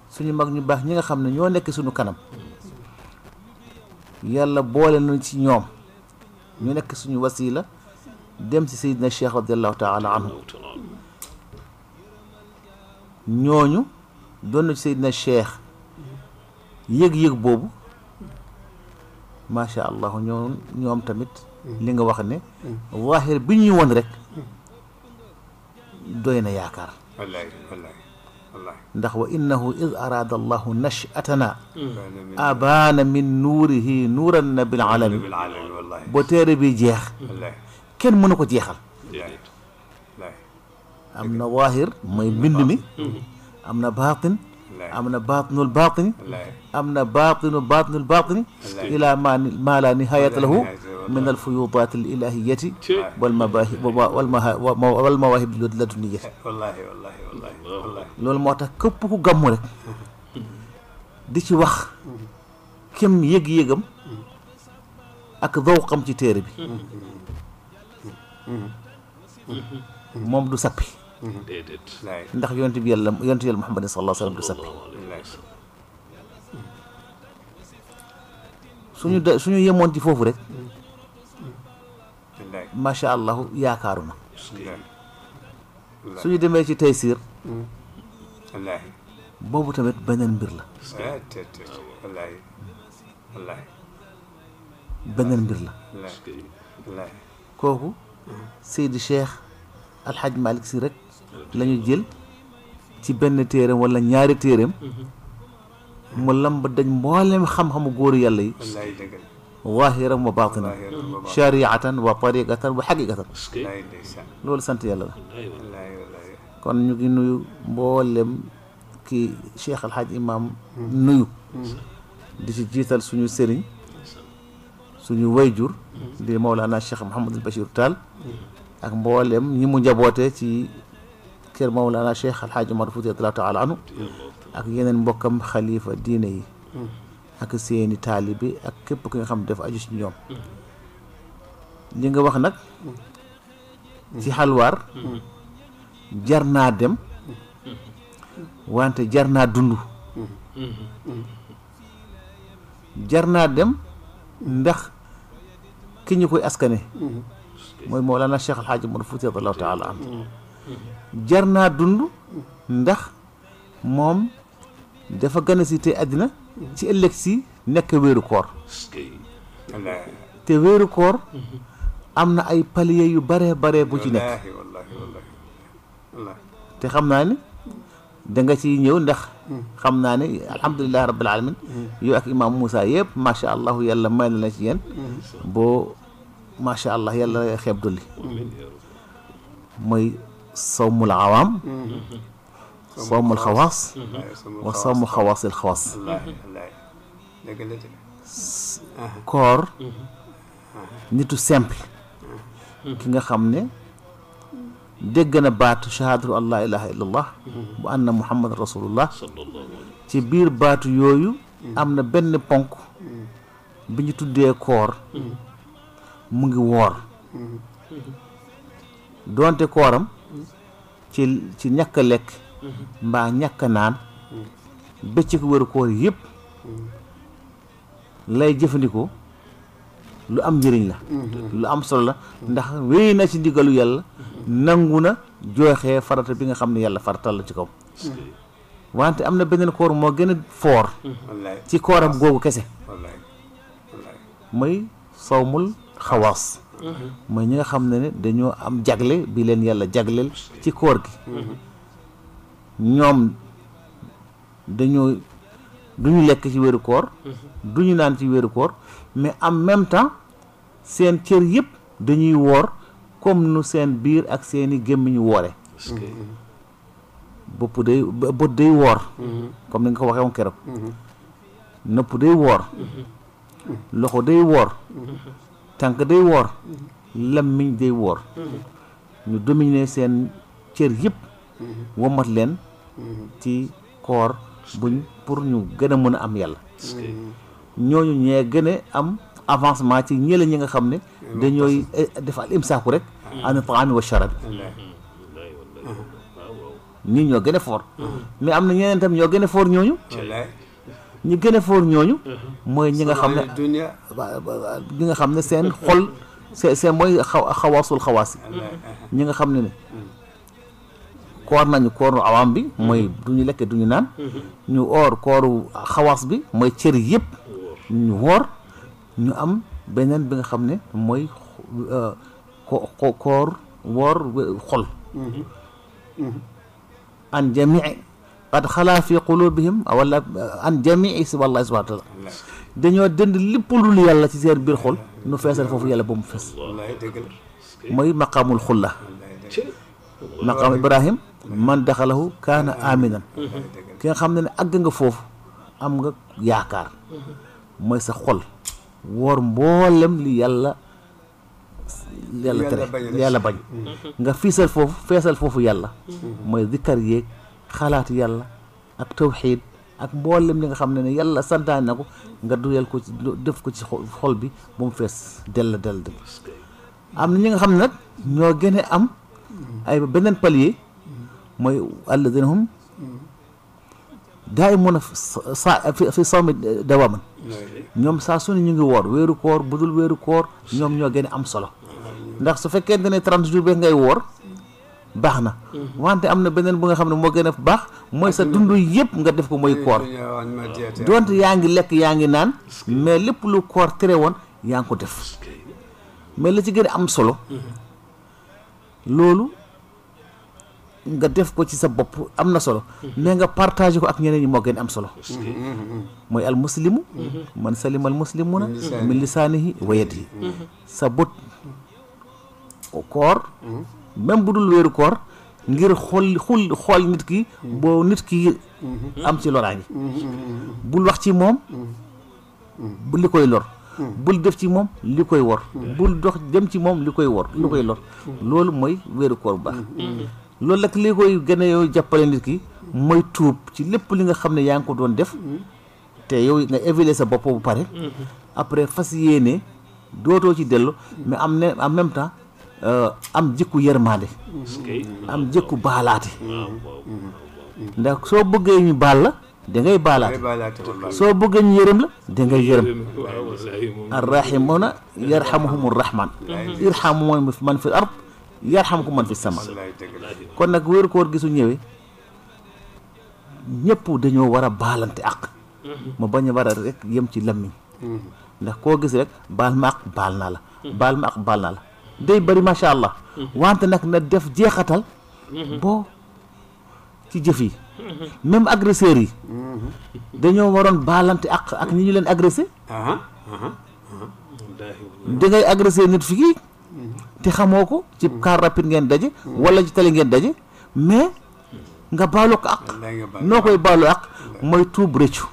suñu mag ñu baax ñi nga xam ne ñoo nekk suñu kanam yàlla boole nañu ci ñoom ñu nekk suñu wasiila dem ci Seydina Cheikh radiallahu taala anhu ñooñu doon na ci Seydina Cheikh yëg-yëg boobu. macha allah ñoom ñoom tamit. Mm. li nga wax ne. waaxir mm. bi ñuy won rek. Mm. doy na yaakaar. wallaay wallaay wallaay. ndax wa innahu id araada allahu nashatana. abaana min nuurihi nuuran nabil alamin. ba bi jeex. kenn mënu ko jeexal. am na waaxir mooy mbind mi. am na baatin. am na baatinul baatini am na baatinu baatinul baatini ila ma maa laa nihayata lahu min al fuyudaati al ilahiyati wal mabahi wal mawahib laduniyati wallahi wallahi wallahi loolu moo tax képp ku gàmmu rek di ci wax kem yëg-yëgam ak dowxam ci téere bi mm-hmm. Mm-hmm. Mm-hmm. moom du sappi déedéet ndax yonent bi yàlla yonent yàlla muhammad sallallahu alayhi wa sallam du sappi suñu de suñu yemoon ci foofu rek macha allah yaakaaru na suñu demee ci taysiir boobu tamit beneen mbir la beneen mbir la kooku Seydi Cheikh Alxaaj Malik Si rek la ñu jël ci benn téeram walla ñaari téeram mm-hmm. mu lamba daj mboolem xam-xamu góoru yàlla yi waahiran wa baatinan shariatan wa tariqatan wa xaqiqatan loolu sant yàlla la kon ñu ngi nuyu mboolem ki Cheikh Alhaaj Imaam mm-hmm. nuyu mm-hmm. di ci jiital suñu sëriñ suñu wayjur di Mawlana Cheikh Mouhamadul Bachir Tall ak mboolem ñi mu njaboote ci kër Mawlana Cheikh Alhaji Omar Fouti radiyallaahu taala anhu ak yeneen mbokkam xalifa diine yi ak seeni taalibi ak képp ki nga xam def aju ci ñoom li nga wax nag ci xalwaar jar naa dem wante jar naa dund jar naa dem ndax ki ñu koy askane mooy Mawlana Cheikh Alhaji Omar Fouti radiyallaahu taala anhu jar naa dund ndax moom dafa gën a si te àddina ci ëllëg si nekk wéeru koor te wéeru koor am na ay palier yu bare bare bu ci nekk te xam naa ne da nga ciy ñëw ndax xam naa ne alhamdulilahi rabbil alamin yow ak imam Moussa yëpp macha allah yàlla may na la ci yéen boo macha allah yàlla xeeb dolli mooy صوم العوام صوم الخواص وصوم خواص الخواص كور نيتو سامبل كيغا خامني دغنا باتو شهاده الله لا اله الا الله وان محمد رسول الله صلى الله عليه وسلم بير باتو يويو امنا بن بونك بني تودي كور موغي وور دونتي كورم ci ci ñàkk lekk mhm. mbaa ñàkk naan bëccëg wër koor yëpp mhm. lay jëfandikoo lu am njëriñ la mhm. lu am solo la ndax wéy na ci ndigalu yàlla nangu na jooxee farata bi nga xam ne yàlla faratal la ci kaw wante am na beneen koor moo gën a foor ci kooram googu kese mooy sawmul xawaas mooy ñi nga xam ne ne dañoo am jagle bi leen yàlla jagleel ci koor gi ñoom dañoo duñu lekk ci wéru koor ñu naan ci weeru koor mais en même temps seen cër yëpp dañuy woor comme nu seen biir ak seeni gémmiñu woore bopp day bët day woor comme ni nga ko waxee keroog nopp day woor loxo day woor tànk day woor làmmiñ day woor mm-hmm. ñu dominer seen cër yëpp mm-hmm. womat leen mm-hmm. ci koor buñ pour ñu gën a mën a am yàlla ñooñu ñee gën a am avancement ci ñële ñi nga xam ne dañooy eh, def al imsaaku rek an taami wa sharab ñii ñoo gën a fort mais am na ñeneen tam ñoo gën a foor ñooñu ñi gën a foor ñooñu mooy ñi nga xam ne ñi nga xam ne seen xol seen seen mooy xaw xawaasul xawaas yi ñi nga xam ne ne koor nañu kooru awaam bi mooy du ñu lekk du ñu naan ñu oor kooru xawaas bi mooy cër yëpp ñu woor ñu am beneen bi nga xam ne mooy ko koor woor xol an jamii qad xalaa fi qulubihim wala an jamii si wallahi subhana taala dañoo dënd lépp lu yàlla ci seen biir xol nu feesal foofu yàlla ba mu fees mooy maqaamul xulla maqaam ibrahim man daxalahu kaana aminan ki nga xam ne ne àgg nga foofu am nga yaakaar mooy sa xol woor mboolem li yàlla yàlla tere bañ nga fiisal foofu feesal foofu yàlla mooy dikkar yéeg xalaatu yàlla ak tawxiid ak mboolem li nga xam ne ne yàlla santaane na ko nga duyal ko ci def ko ci xol bi ba mu fees dell dell dell am na ñi nga xam ne nag ñoo gën a am ay beneen palier mooy alladina hum daayimuuna sa fi sawmi dawaaman ñoom saa su ne ñu ngi woor wéeru koor budul wéeru koor ñoom ñoo gën am solo ndax su fekkente ne 30 jours ngay woor baax na mhm. wante am na beneen bu nga xam ne moo gën a baax mooy sa dund yëpp nga def ko mooy koor donte yaa ngi lekk yaa ngi naan mais lépp lu koor tere woon yaa ngi ko def mais la ci gën a am solo mhm. loolu nga def ko ci sa bopp am na solo mhm. mais nga partagé ko ak ñeneen yi moo gën am solo mooy al muslimu man salima al muslimuna min lisaanihi wa yadihi sa bët koor même bu dul wéeru koor ngir xool xool nit ki boo nit ki am ci loraange bul wax ci moom bu li koy lor bul def ci moom li koy wor bul dox dem ci moom li koy wor li koy lor loolu mooy wéeru koor bu baax loolu nag li koy gën a yow jàppale nit ki mooy tuub ci lépp li nga xam ne yaa ngi ko doon def te yow nga évaluer sa bopp bu pare après fas yéene dootoo ci dellu mais am ne en même temps Uh, am jikku yërmande am jikku baalaate ndax soo bëggee ñu baal la dangay ngay baalaate soo bëggee ñu yërëm la da ngay yërëm arrahimuna yarhamuhumur rahman irhamu man fi ard yarhamku man fi sama kon nag wéeru koor gisu ñëwee ñëpp dañoo war a baalante ak ma bañ a war a yem ci lammiñ mm-hmm. ndax koo gis rek baal ma ak baal naa la mm-hmm. baal ma ak baal naa la day bëri macha allah. Mhm. wante nag na def jeexatal. Mhm. boo ci jëf yi. Mhm. même agresseurs yi. dañoo waroon baalante ak ak ni ñu leen agressé. dangay agressé nit fii te xamoo ko ci car rapide ngeen daje. wala ci tali ngeen daje mais nga baalu ko ak. noo koy baalu ak mooy tuub rëccu.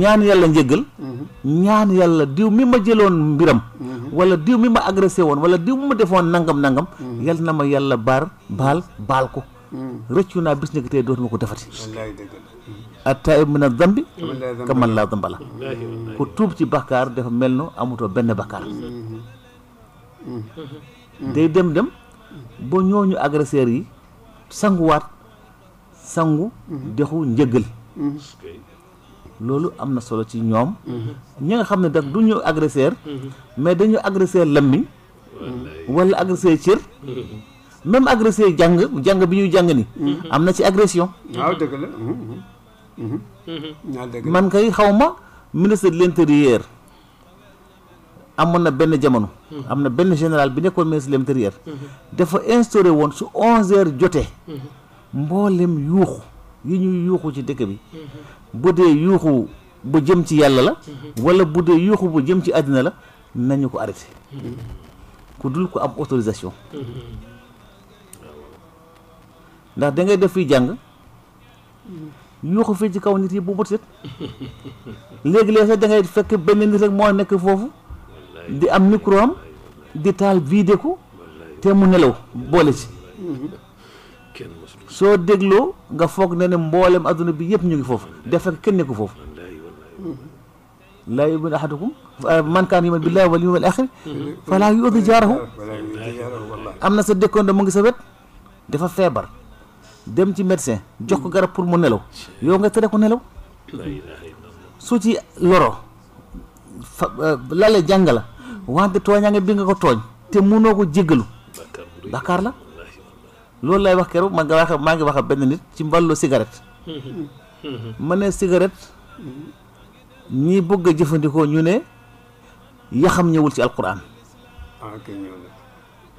ñaan yàlla njëggal ñaan yàlla diw mi ma jëloon mbiram wala diw mi ma agressé woon wala diw mi ma defoon nangam nangam yal na ma yàlla baar baal baal ko rëccu naa bis tey dootuma ko defati attaib min adambi ka man laa ku tuub ci bakkaar dafa mel amutoo benn bakkaar day dem dem ba ñooñu yi sanguwaat sangu dexu njëggal loolu am na solo ci ñoom mhm. ñi nga xam ne dag du ñu agresseur mhm. mais dañu agresseur lammiñ wala agresseur cër mhm. même agresseur jàng jàng bi ñuy jàng ni am na ci agression waaw dëgg la man kay xaw ma ministre de l'intérieur amoon na benn jamono am na benn général bi nekkoon ministre de l'intérieur dafa instauré woon su onze heures jotee mboolem yuuxu yi ñuy yuuxu ci dëkk bi bu yuuxu bu jëm ci yàlla la mhm. wala bu dee yuuxu bu jëm ci àddina la nañu ko arrêté mhm. ku dul ko am autorisation mhm. ndax dangay def fi jàng yuuxu fii ci kaw nit yi bu bët set léegi-léeg sax da fekk benn nit rek moo nekk foofu di am micro am di taal vidéo ko te mu nelaw boole ci soo dégloo nga foog ne ne mbooleem adduna bi yëpp ñu ngi foofu def fekk kenn nekku foofu laa yu'minu ahadukum man am na sa dëkkoonde mu ngi sa wet dafa feebar dem ci médecin jox ko garab pour mu nelaw yow nga tere ko nelaw ci loro fa euh, lale jàng la wante tooñaa nga bi nga ko tooñ te munoo ko jéggalu bàkkaar la loolu lay wax keroog ma nga wax maa ngi wax ak benn nit ci mbàllu cigarette. ma ne cigarette ñi bëgg a jëfandikoo ñu ne yaxam ñëwul ci alquran.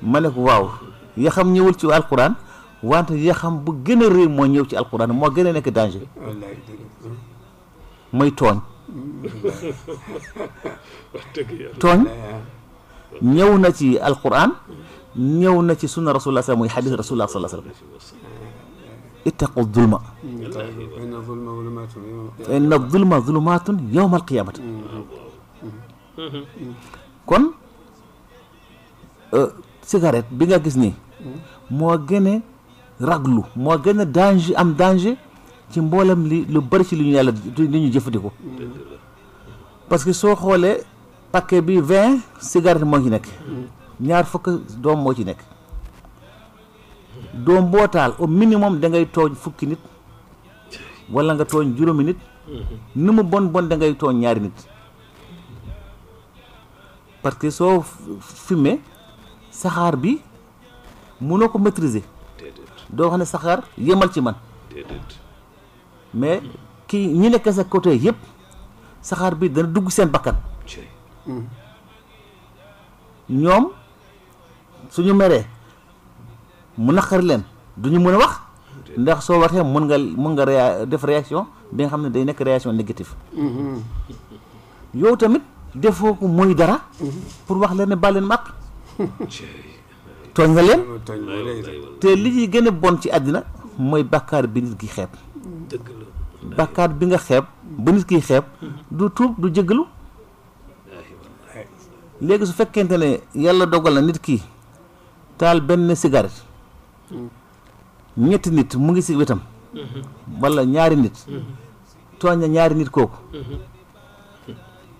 ma ne ko waaw yaxam ñëwul ci alquran wante yaxam bu gën a rëy moo ñëw ci alquran moo gën a nekk danger. mooy tooñ. tooñ ñëw na ci alquran. نيونا تي سنة رسول الله صلى الله عليه وسلم حديث رسول الله صلى الله عليه وسلم اتقوا الظلمة إن الظلمة ظلمات إن الظلمة ظلمات يوم القيامة كون سيغاريت بيغا غيسني مو غين راغلو مو غين دانجي ام دانجي تي مبولم لي لو بري سي لي نيالا لي ني جيفديكو باسكو سو خوله باكي بي 20 سيغاريت مو غي نك ñaar fukk doom moo ci nekk doom boo taal au minimum da ngay tooñ fukki nit walla nga tooñ juróomi nit mm-hmm. nu mu bon bon da ngay tooñ ñaari nit parce que soo fumé saxaar bi mënoo ko maîtriser doo xam ne saxaar yemal ci man mais kii ñi nekk sa côté yëpp saxaar bi dana dugg seen bakkan mm-hmm. ñoom ñu meree mu naqari leen duñu mën a wax ndax soo waxee mën nga mën nga réa def réaction bi nga xam ne day nekk réaction négative mm-hmm. yow tamit defoo ko muy dara mm-hmm. pour wax leen ne baal leen màq oh, tooñ nga leen te li ñuy gën a bon ci àddina mooy bàkkaar bi nit ki xeeb mm-hmm. bàkkaar bi nga xeeb ba nit kiy xeeb du tuub du jéggalu léegi su fekkente ne yàlla dogal na nit ki taal benn cigarette mm. ñetti nit mu ngi ci wetam mm-hmm. walla ñaari nit mm-hmm. tooñ na ñaari nit kooku mm-hmm.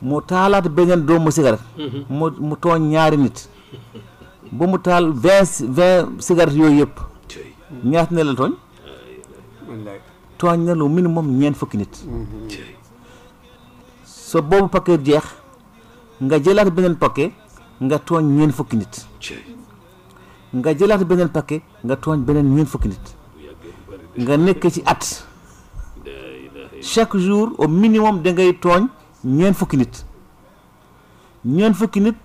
mu taalaat beneen doomu cigarette mu mu tooñ ñaari nit ba mu taal vingt vingt cigarette yooyu yëpp ñaat ne la tooñ tooñ na lu minimum ñeent fukki nit so boobu paquet jeex nga jëlaat beneen paquet nga tooñ ñeent fukki nit nga jëlaat beneen paquet nga tooñ beneen ñeent fukki nit nga nekk ci at chaque jour au minimum da ngay tooñ ñeent fukki nit ñeent fukki nit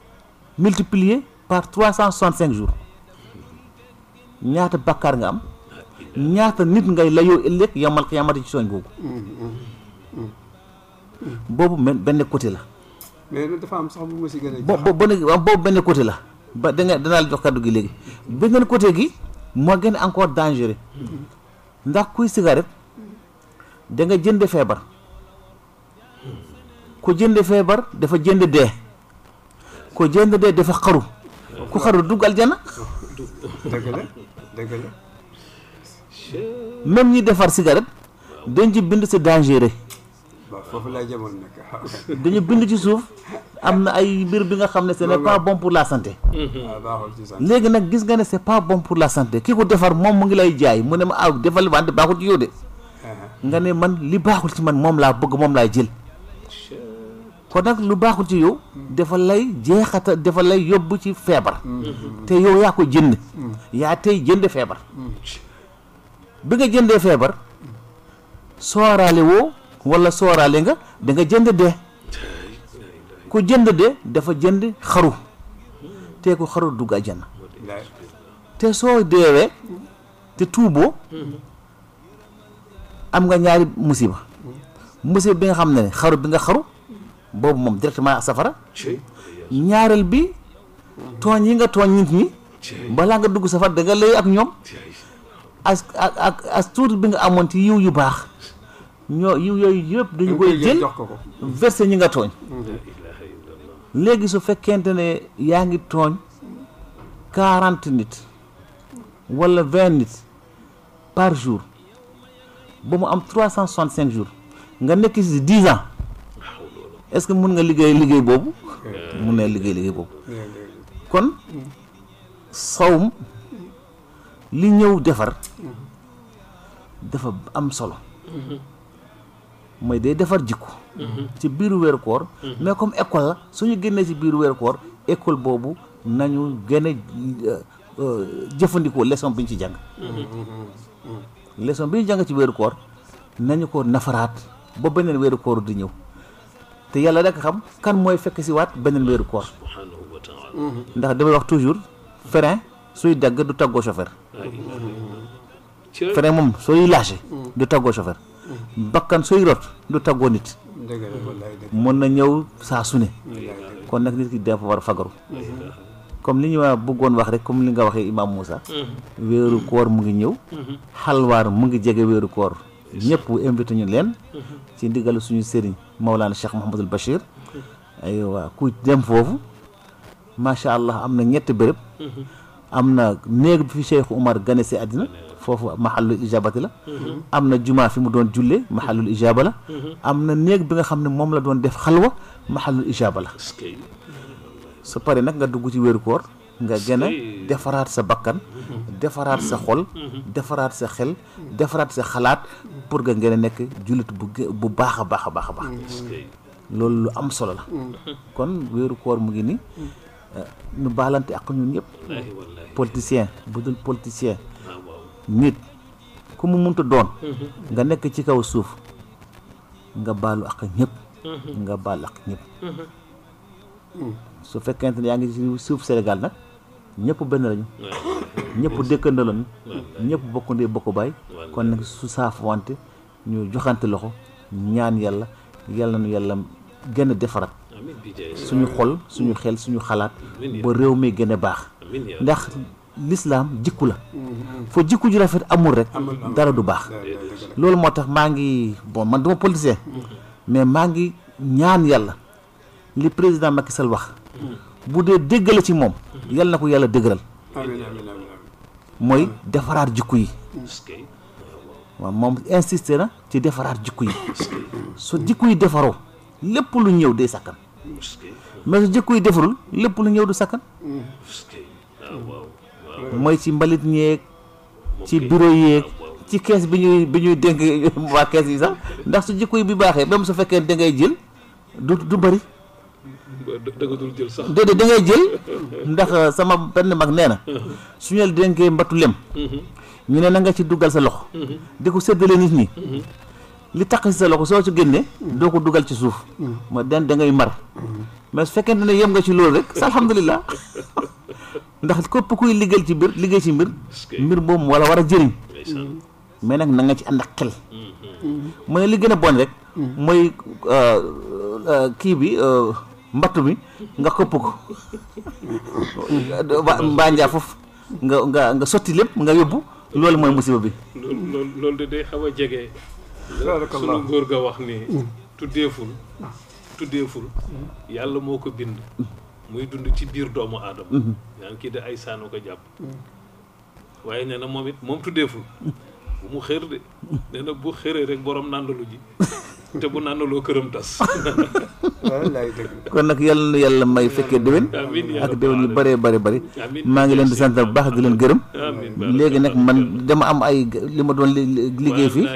multiplié par trois cent soixante cinq jours ñaata bàkkaar nga am ñaata nit ngay layoo ëllëg yamal xiyaamati ci tooñ boobu boobu benn côté la mais dafa am sax bu ma si boobu benn côté la ba da nga danaa la jox kaddu gi léegi beneen côté gi moo gën encore dangereux ndax kuy cigarette danga nga jënd feebar ko jënde feebar dafa jënd dee ku jënd dee dafa xaru ku xaru dugg aljana dëgg la dëgg la même ñi defar cigarette dañ ci bind si dangereux waaw foofu lay jamoon nag dañu bind ci suuf am na ay mbir bi nga xam ne ce n'est pas bon pour la mm-hmm. ah, santé léegi nag gis nga ne se pas bon pour la santé ki ko defar moom mu ngi lay jaay mu ne ma ah defal li wante baaxul ci yow de uh-huh. nga ne man li baaxul ci man moom laa bëgg moom laay jël kon nag lu baaxul ci yow mm. defal lay jeexata defal lay yóbbu ci feebar mm-hmm. te yow yaa ko jënd mm. yaa tey jënd feebar mm. bi nga jëndee feebar sooraale wala sooraale nga danga jënd dee ku jënd dee dafa jënd xaru te ku xaru dugg àjjana te soo deewee te tuuboo am nga ñaari musiba musiba bi nga xam ne xaru bi nga xaru boobu moom directement safara ñaareel bi tooñ yi nga tooñ nit ñi balaa nga dugg safara da nga lay ak ñoom as ak as tuuti bi nga amoon ci yiw yu baax ñoo yiw yooyu yëpp dañu koy jël versé ñi nga tooñ mm-hmm. léegi su fekkente ne yaa ngi tooñ quarante nit wala vingt nit par jour ba mu am trois cent soixante cinq jours nga nekk ci dix ans est-ce que mun nga liggéey liggéey boobu mun na liggéey liggéey boobu kon mm-hmm. sawm li ñëw defar mm-hmm. dafa am solo mooy day defar jikko mhm. ci biiru weeru koor mhm. mais comme école la suñu génnee ci biiru weeru koor école boobu nañu gën a euh, euh, jëfandikoo lesson bi ñu ci jàng mhm. leçon bi ñu ci weeru koor nañu ko nafaraat ba beneen weeru koor di ñëw te yàlla rek xam kan mooy fekk si waat beneen weeru koor ndax damay wax toujours frein suy dagg du tàggoo chauffeur frein moom sooy lâché du tàggoo chauffeur bakkan suy rot du taggoo nit mën na ñëw saa su ne kon nag nit ki dafa war a fagaru mm-hmm. comme li ñu waa bëggoon wax rek comme li nga waxee imam Moussa mm-hmm. wéeru koor mu ngi ñëw mm-hmm. xalwaar mu ngi jege wéeru koor ñëpp invité ñu leen ci ndigalu suñu sëriñ Maulana Cheikh Mouhamadul Bachir ay waa ku dem foofu macha allah am na ñetti béréb am na néeg bi fi Cheikh Oumar gane si àddina foofu maxallul ijabati la am na jumaa fi mu doon jullee maxallul ijaba la am na néeg bi nga xam ne moom la doon def xalwa maxallul ijaba la su paree nag nga dugg ci wéeru koor nga gën a sa bakkan defaraat sa xol defaraat sa xel defaraat sa xalaat pour nga gën a nekk bu bu baax a baax a baax lu am solo la kon wéeru koor mu ngi ni ñu baalante ak ñun ñëpp politicien bu politicien nit ku mu munta doon mhm. nga nekk ci kaw suuf nga baalu ak ñëpp mhm. nga baal ak ñëpp mhm. su fekkente ne yaa ngi suuf Sénégal nag ñëpp benn lañu ñëpp dëkkandoo lañu ñëpp bokk bokk baay kon nag su saaf ñu joxante loxo ñaan yàlla yàlla nu yàlla gën a defaraat suñu xol suñu xel suñu xalaat ba réew mi gën baax ndax lislaam jikku la mm-hmm. foo jikku ju rafet amul rek dara du baax loolu moo tax maa ngi bon man duma politicien mm-hmm. mais maa ngi ñaan yàlla li président Macky Sall wax mm-hmm. bu dee déggale ci moom yàlla na ko yàlla dëgëral mooy defaraat jikku yi waaw moom insisté na ci defaraat jikku yi su jikku yi defaroo lépp lu ñëw day sakkan mais jikku yi defarul lépp lu ñëw du sakkan moy ci mbalit ñeek ci bureau yeek ci caisse biñuy biñuy denk wa caisse yi sax ndax su jikko bi baxé même su fekkee da ngay jël du du bari dëggatul jël sax dëgg da ngay jël ndax sama benn mag neena su ñel dengé mbatu lem mhm. ñu ne na nga ci duggal sa lox mhm. diko seddelé nit ñi mhm li taxi sa loxo soo ci génne mm. doo ko dugal ci suuf mm. ma dan da ngay mar mm. mais fekkente ne yem nga ci loolu rek alhamdulillah ndax kopp kuy liggéey ci mbir liggéey ci mbir mbir boobu wala war a jëriñ mais nag na nga ci ànd ak xel mooy mm-hmm. mm-hmm. li gën a bon rek mooy euh, euh, kii bi euh, mbattu mi nga kopp ko mm-hmm. mbaa foofu nga nga nga sotti lépp nga yóbbu loolu mooy musiba bi loolu de day xaw a jege sunu góor ga wax ni mm. tuddeeful ah. tuddeeful mm. yàlla moo ko bind mm. muy dund ci biir doomu aadama mm-hmm. yaa ngi kii de ay saanu ko jàpp waaye nee na moom it moom tuddeeful bu mu xër de nee na bu xëree rek boroom nandalu ji te bu naanaloo këram tas. kon nag yàlla na yàlla may fekkee déwén. ak déwén yu bëree bëri bëri. maa ngi leen di sant bu baax di leen gërëm. léegi nag man dama am ay li ma doon liggéey fii.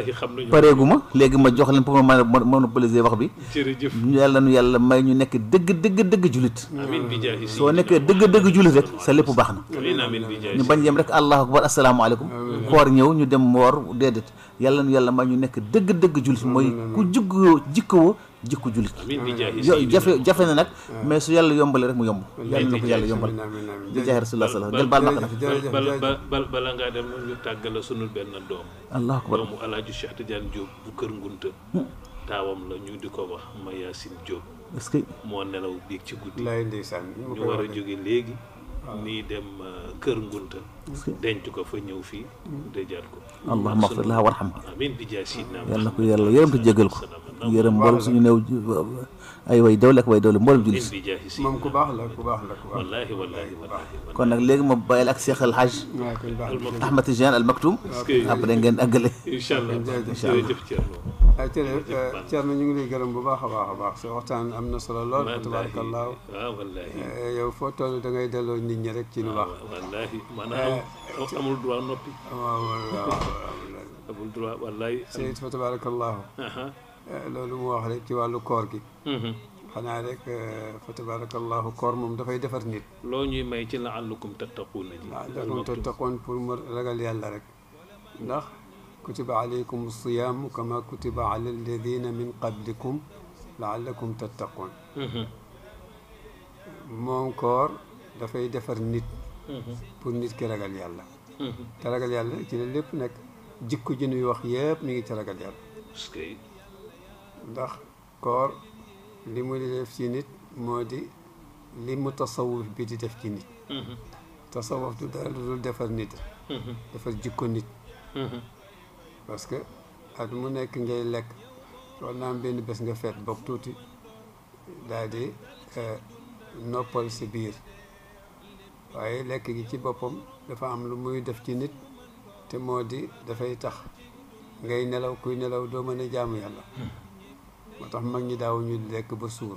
pareegu ma léegi ma jox leen pour ma mën a monopoliser wax bi. jërëjëf yàlla nu yàlla may ñu nekk dëgg dëgg dëgg julit. soo nekkee dëgg dëgg julit rek sa lépp baax na. ñu bañ yem rek allahu akbar asalaamaaleykum. koor ñëw ñu dem moor déedéet yàlla nu yàlla may ñu nekk dëgg dëgg julit mooy ku jikk jikkoo jikko jullit jafe jafe na nag ah. mais su yàlla yombale rek mu yomb yàlla na ko yàlla yombal bi jaaxee rasulullah sala ngeen baal naq nag bala ngaa dem ñu tàggala sunu benn doom allah akbar doomu alaaji Cheikh Tidiane Diop bu kër ngunta hmm. taawam la ñu di ko wax ma Diop est-ce que moo nelaw biig ci guddi ñu war a jóge léegi nii dem euh, Kër Ngunta denc ko fa ñëw fii dëjaat mm. ko allahumma xfir laha warhamha amin bi jaay sidna yàlla na ko yàlla yërëm te jégal ko yërëm mboolem suñu néew ايوا يدول لك ويدول مول بجلس انت جاهزين ممكن باه لك وباه لك والله والله والله كنا ليك مباي لك شيخ الحاج احمد تجان المكتوم ابرين ان شاء الله ان شاء الله اتر اتر آه، من يقول يقرم بباه باه باه سو وقتان ام نصر الله تبارك الله آه، والله آه، يو فوتو دا غاي دلو نيت ني ريك سي باه والله لولو واخلي تي والو كور كي خنا رك فتبارك الله كور موم دا فاي ديفر نيت لو ني ماي تي لعلكم تتقون دي لا تتقون بور مر رغال يالا رك ناخ كتب عليكم الصيام كما كتب على الذين من قبلكم لعلكم تتقون موم كور دا فاي ديفر نيت بور نيت كي رغال يالا تراغال يالا تي ليپ نك جيكو جينو وخ ييب ميغي تراغال يالا سكيت ndax koor li mu di def ci nit moo di li mu tasawuf bi di def ci nit mm-hmm. tasawuf du dara lu dul defar nit mm-hmm. defar jikko nit mm-hmm. parce que at mu nekk ngay lekk war naa am benn bés nga feet bokk tuuti daal eh, noppal si biir waaye lekk gi ci boppam dafa am lu muy def ci nit te moo di dafay tax ngay nelaw kuy nelaw doo mën a jaamu yàlla moo tax mag ñi daaw ñu lekk ba suur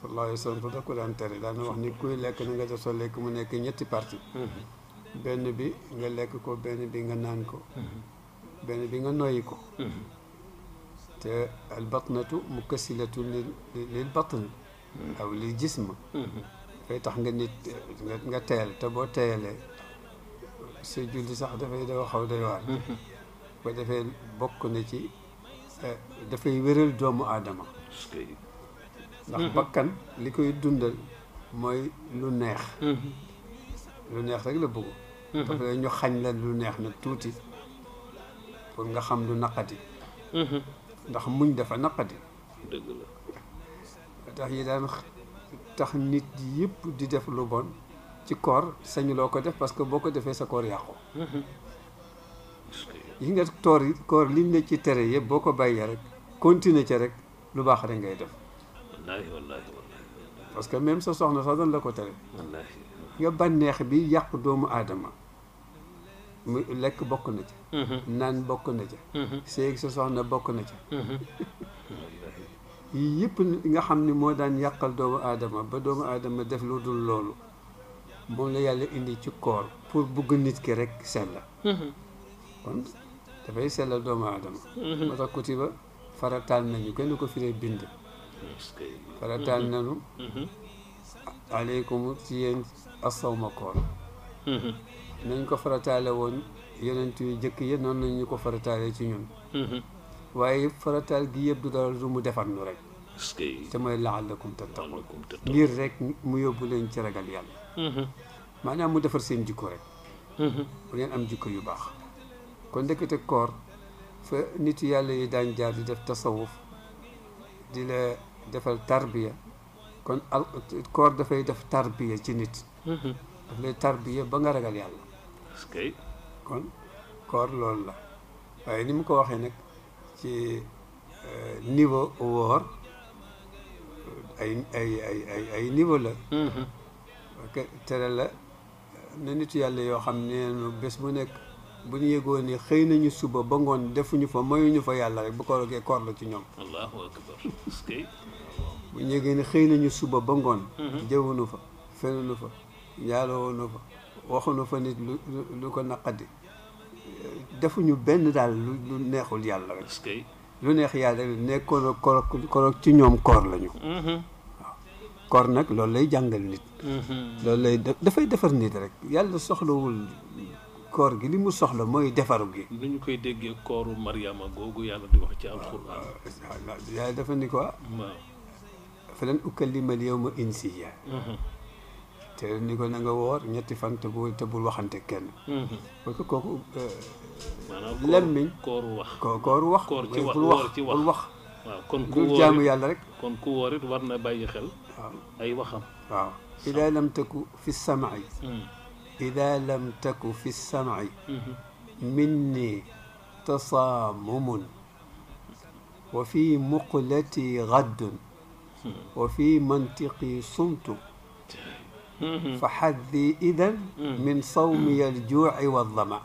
sallallahu alayhi wa sallam da ko daan tere daan wax ni kuy lekk na nga def sa lekk mu nekk ñetti parti benn bi nga lekk ko benn bi nga naan ko benn bi nga noyyi ko te al batnatu mukassilatu lil batn aw lil jism dafay tax nga nit nga teel te boo teelee sa julli sax dafay daw xaw day waar ba defee bokk na ci dafay wéral doomu aadama ndax mm-hmm. bakkan li koy dundal mooy lu neex mm-hmm. lu neex rek la bëgg mm-hmm. dafa ñu xañ la lu neex nag tuuti pour nga xam lu naqadi ndax muñ dafa naqati dëgg tax yi daan tax nit yëpp di def lu bon ci koor sañuloo ko def parce que boo ko defee sa koor yàqu yi nga toor koor liñ la ci tere yëpp boo ko bàyyee rek continuer ci rek lu baax rek ngay def parce que même sa soxna sax dañ la ko tere nga bànneex bi yàq doomu aadama mu lekk bokk na ca mm-hmm. naan bokk na ca mm-hmm. séeg sa soxna bokk na ca mm-hmm. yii yëpp nga xam ni moo daan yàqal doomu aadama ba doomu aadama def lu dul loolu moom la yàlla indi ci koor pour bugg nit ki rek sell kon dafay sellal doomu aadama mhm. moo tax ba farataal nañu kenn ko firee bind farataal mhm. nañu mhm. aleykum ci yéen ma koor nañ ko farataale woon yonent yu jëkk yi noonu nañ ñu ko farataale ci ñun waaye farataal gi yëpp du dara du mu defar nu rek te mooy laallakum tattaqun ngir rek mu yóbbu leen ci ragal yàlla maanaam mu defar seen jikko rek bu ngeen am jikko yu baax kon ndëkkate koor fa nit yàlla yi daan jaar di def tasawuf di la defal tarbiya kon al koor dafay def tarbiya ci nit mhm. daf lay tarbiya ba nga ragal yàlla kon koor loolu la waaye ni mu ko waxee nag ci euh, niveau woor ay ay niveau la mhm. tere la na nitu yàlla yoo xam ne bés bu nekk bu ñu yëgoon ne xëy nañu suba ba ngoon defuñu fa mayuñu fa yàlla rek bu ko rogee koor la ci ñoom. allahu akbar bu ñu yëgee ne xëy nañu suba ba ngoon. jëwunu fa fenunu fa njaalowunu fa waxunu fa nit lu lu ko naqadi defuñu benn daal lu neexul yàlla rek. lu neex yàlla rek nekkoon koor koor ci ñoom koor lañu. koor nag loolu lay jàngal nit. loolu lay dafay defar nit rek yàlla soxlawul koor gi li mu soxla mooy defaru gi. nu ñu koy déggee kooru Mariama googu yàlla di wax ci alxuraan. yàlla dafa ni quoi. waaw. falan ukallimal yawma insiya. Mhm. te ni ko na nga woor ñetti fan te bul te bul waxante kenn. Mhm. parce que euh, wax kooru wax. koor ci wax woor ci wax kon ku wóor yàlla rek. kon ku wóor it war na bàyyi xel. waaw ay waxam. waaw idaa lam taku fi sam'i. Mm. إذا لم تك في السمع مني تصامم وفي مقلتي غد وفي منطقي صمت فحذي إذا من صومي الجوع والظمع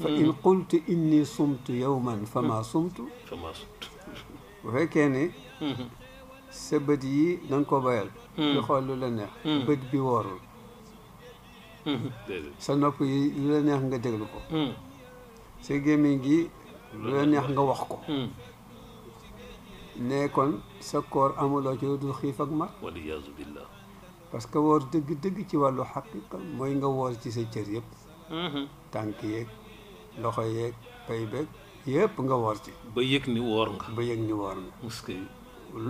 فإن قلت إني صمت يوما فما صمت فما صمت وهيك يعني sa bët yi na لنا ko bayal. sa nopp yi lu la neex nga déglu ko hmm. sa gémmiñ gi lu la neex nga wax ko hmm. ne kon sa koor amuloo ci dul xiif ak mar waliyaazu parce que woor dëgg-dëgg ci wàllu xaqiqa mooy nga woor ci sa cër yëpp hmm. tànk yeeg loxo yeeg pay yëpp nga woor ci ba yëg ni woor nga ba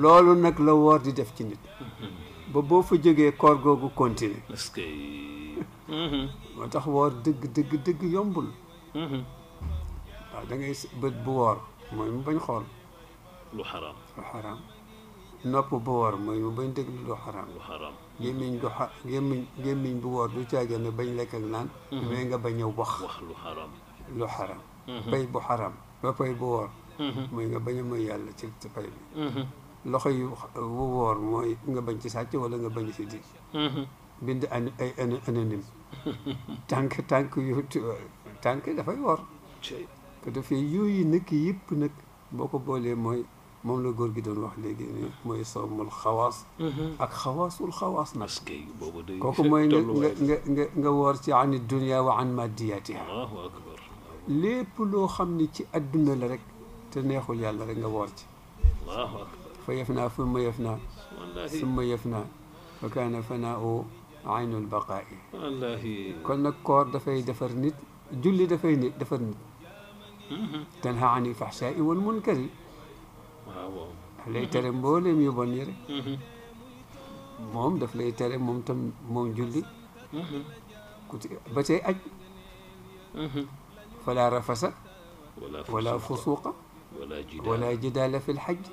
loolu nag la woor di def ci nit ba boo fa jógee koor googu continuer moo tax woor dëgg dëgg dëgg yombul mm-hmm. waaw da ngay bët bu woor mooy mu bañ xool lu xaraam lu xaraam nopp bu woor mooy mu bañ déglu lu xaram lu xaraam gémmiñ du xa gémmiñ gémmiñ bu woor du caagee ne bañ lekk ak naan mais mm-hmm. nga bañ a wax wax lu xaram lu xaraam mm-hmm. pay bu xaraam ba pay bu woor mooy nga bañ a mooy yàlla ci ci pay bi loxo yu bu woor mooy nga bañ ci sàcc wala nga bañ ci di bind ay anonyme tànk tànk yu tànk dafay wor ko defee yooyu nag yëpp nag boo ko boolee mooy moom la góor gi doon wax léegi mooy mooy sawmul xawaas mhm. ak xawaasul xawaas nag kooku mooy nga nga nga nga woor ci an dunia wa an maddiyatiha lépp loo xam ni ci adduna la rek te neexul yàlla rek nga woor ci fa yef naa fu ma yef naa su ma yef naa fa kaana fanaa oo عين البقاء الله كون الكور دا فاي دفر نيت جولي دا فاي دفر نيت تنهى عن الفحشاء والمنكر واو لا يترم بولم يبون يري موم دا فلي يترم موم تم موم جولي باتي اج فلا رفس ولا, ولا فسوق ولا جدال ولا جدال في الحج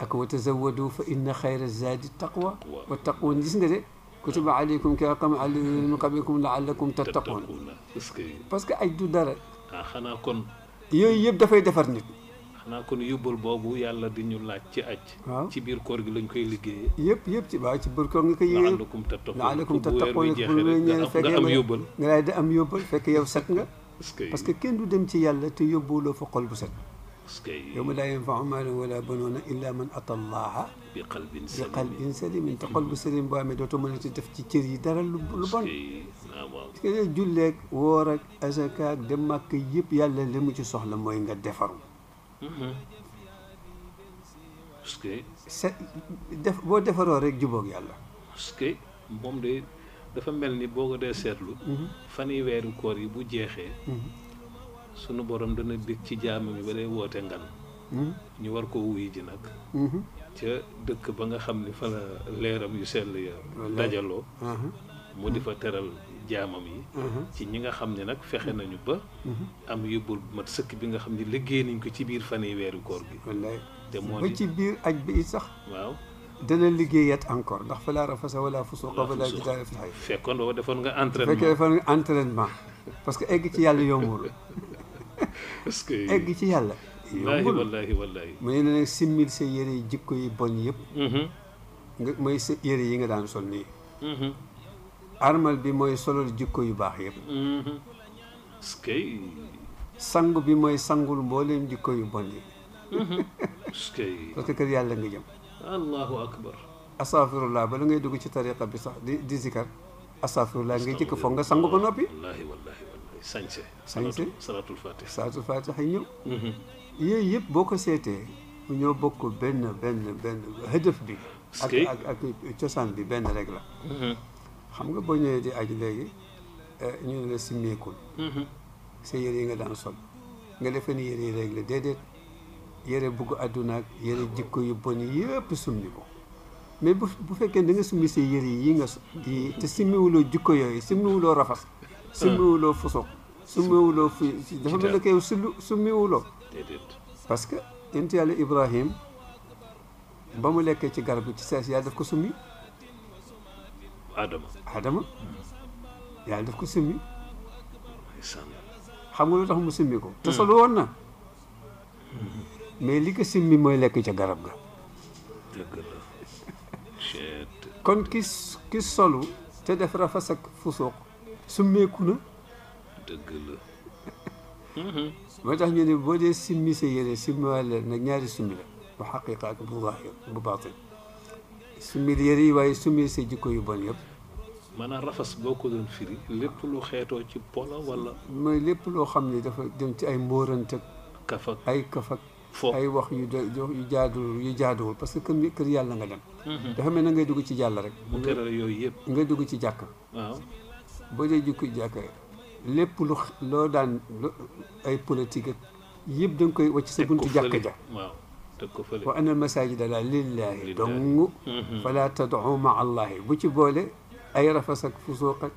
اكو تزودوا فان خير الزاد التقوى والتقوى نيس كتب عليكم كي رقم من قبلكم لعلكم تتقون باسكو اي دو دار آه، خنا كون يوي ييب دا فاي دفر نيت خنا كون يوبول بوبو يالا دي نيو لاج تي اج آه. تي بير كور غي لنج كاي ليغي ييب ييب تي با تي بير كور غي كاي لعلكم تتقون لعلكم تتقون كون ني فك ام يوبول غلا دي ام يوبول فك يو سات nga باسكو كين دو ديم تي يالا تي يوبولو فو قلب سات يوم لا ينفع مال ولا بنون الا من اتى الله بقلب سليم بقلب سليم انت قلب سليم بامد وتمنى تفتي تيري دار البن سكي جولك وورك ازكاك دمك يب يالا لم تي سوخلا موي nga defar سكي def بو defaro rek djubok يالا سكي موم دي دا فا ملني بوكو دي سيتلو فاني ويرو كور يي بو جيهي sunu borom dana bég ci jaam bi ba day woote ngan hmm? ñu war ko wuy ji nag hmm? ca dëkk ba nga xam ni fa la leeram yu sell ya dajaloo hmm? mu di fa teral jaamam yi ci ñi nga xam ne nag fexe nañu ba am yóbbul mat sëkk bi nga xam ni liggéey nañ ko ci biir fan yi weeru koor gi te moo ba ci biir aj bi sax waaw dana liggéeyaat encore ndax fa laa rafasa wala fusuqa wala defoon nga entraînement fekkoon defoon nga parce que egg ci yàlla yombul est que egg ci yàlla. yombul wallaahi wallaahi mu ne simmil sa yére yi jikko yu bon yëpp. Mm-hmm. nga mooy sa yére yi nga daan sol nii. Mm-hmm. armal bi mooy solol jikko yu baax yëpp. Mm-hmm. sangu bi mooy sangul mbooleem jikko yu bon yi. est kër yàlla nga jëm. allahu akbar. astaghfirullah bala ngay dugg ci tariqa bi sax di di zikar astaghfirullah ngay jëkk foog nga sangu ko noppi. sañse sañse salaatul faatiha salaatul faatiha ñëw mm-hmm. yooyu yëpp boo ko seetee ñoo bokk benn benn benn hëdëf bi ak ak cosaan bi benn rek la mm-hmm. xam nga boo ñëwee di aji léegi eh, ñu ne mm-hmm. yére yi nga daan sol nga defee yére yi rek la déedéet yére àdduna ak yére jikko yu bon mais bu fekkee da nga summi sa yére yi nga yi te simmiwuloo jikko yooyu simmiwuloo rafas سميو له فصو سميو له في دافا بالك كي سميو له باسكو انت على ابراهيم بامو لك تي غارب تي ساس يا داف سمي ادم ادم يا داف سمي حمول تاخ مو سمي كو تصلو ونا مي ليك سمي مو لك تي غارب غا كون كيس كيس صلو تدفر فسك فسوق summeeku na dëgg la moo tax ñu ne boo dee simmi sa yére simmiwaay la nag ñaari summi la bu xaqiqa ak bu zahir bu baatin summi yére yi waaye summi sa jikko yu bon yëpp maanaam rafas boo ko doon firi lépp lu xeetoo ci polo wala mooy lépp loo xam ne dafa dem ci ay mbóorante kafak ay kafak ay wax yu yu jaaduwul yu jaaduwul parce que kër kër yàlla nga dem dafa mel na ngay dugg ci yàlla rek mu kër yooyu yëpp ngay dugg ci jàkk waaw boo dee jukki jàkka lépp lu loo daan ay politique ak yëpp da nga koy wàcc sa buntu jàkka ja wa anna masajida la lillahi dong fala tad'u ma allahi bu ci boole ay rafas ak fusuuq ak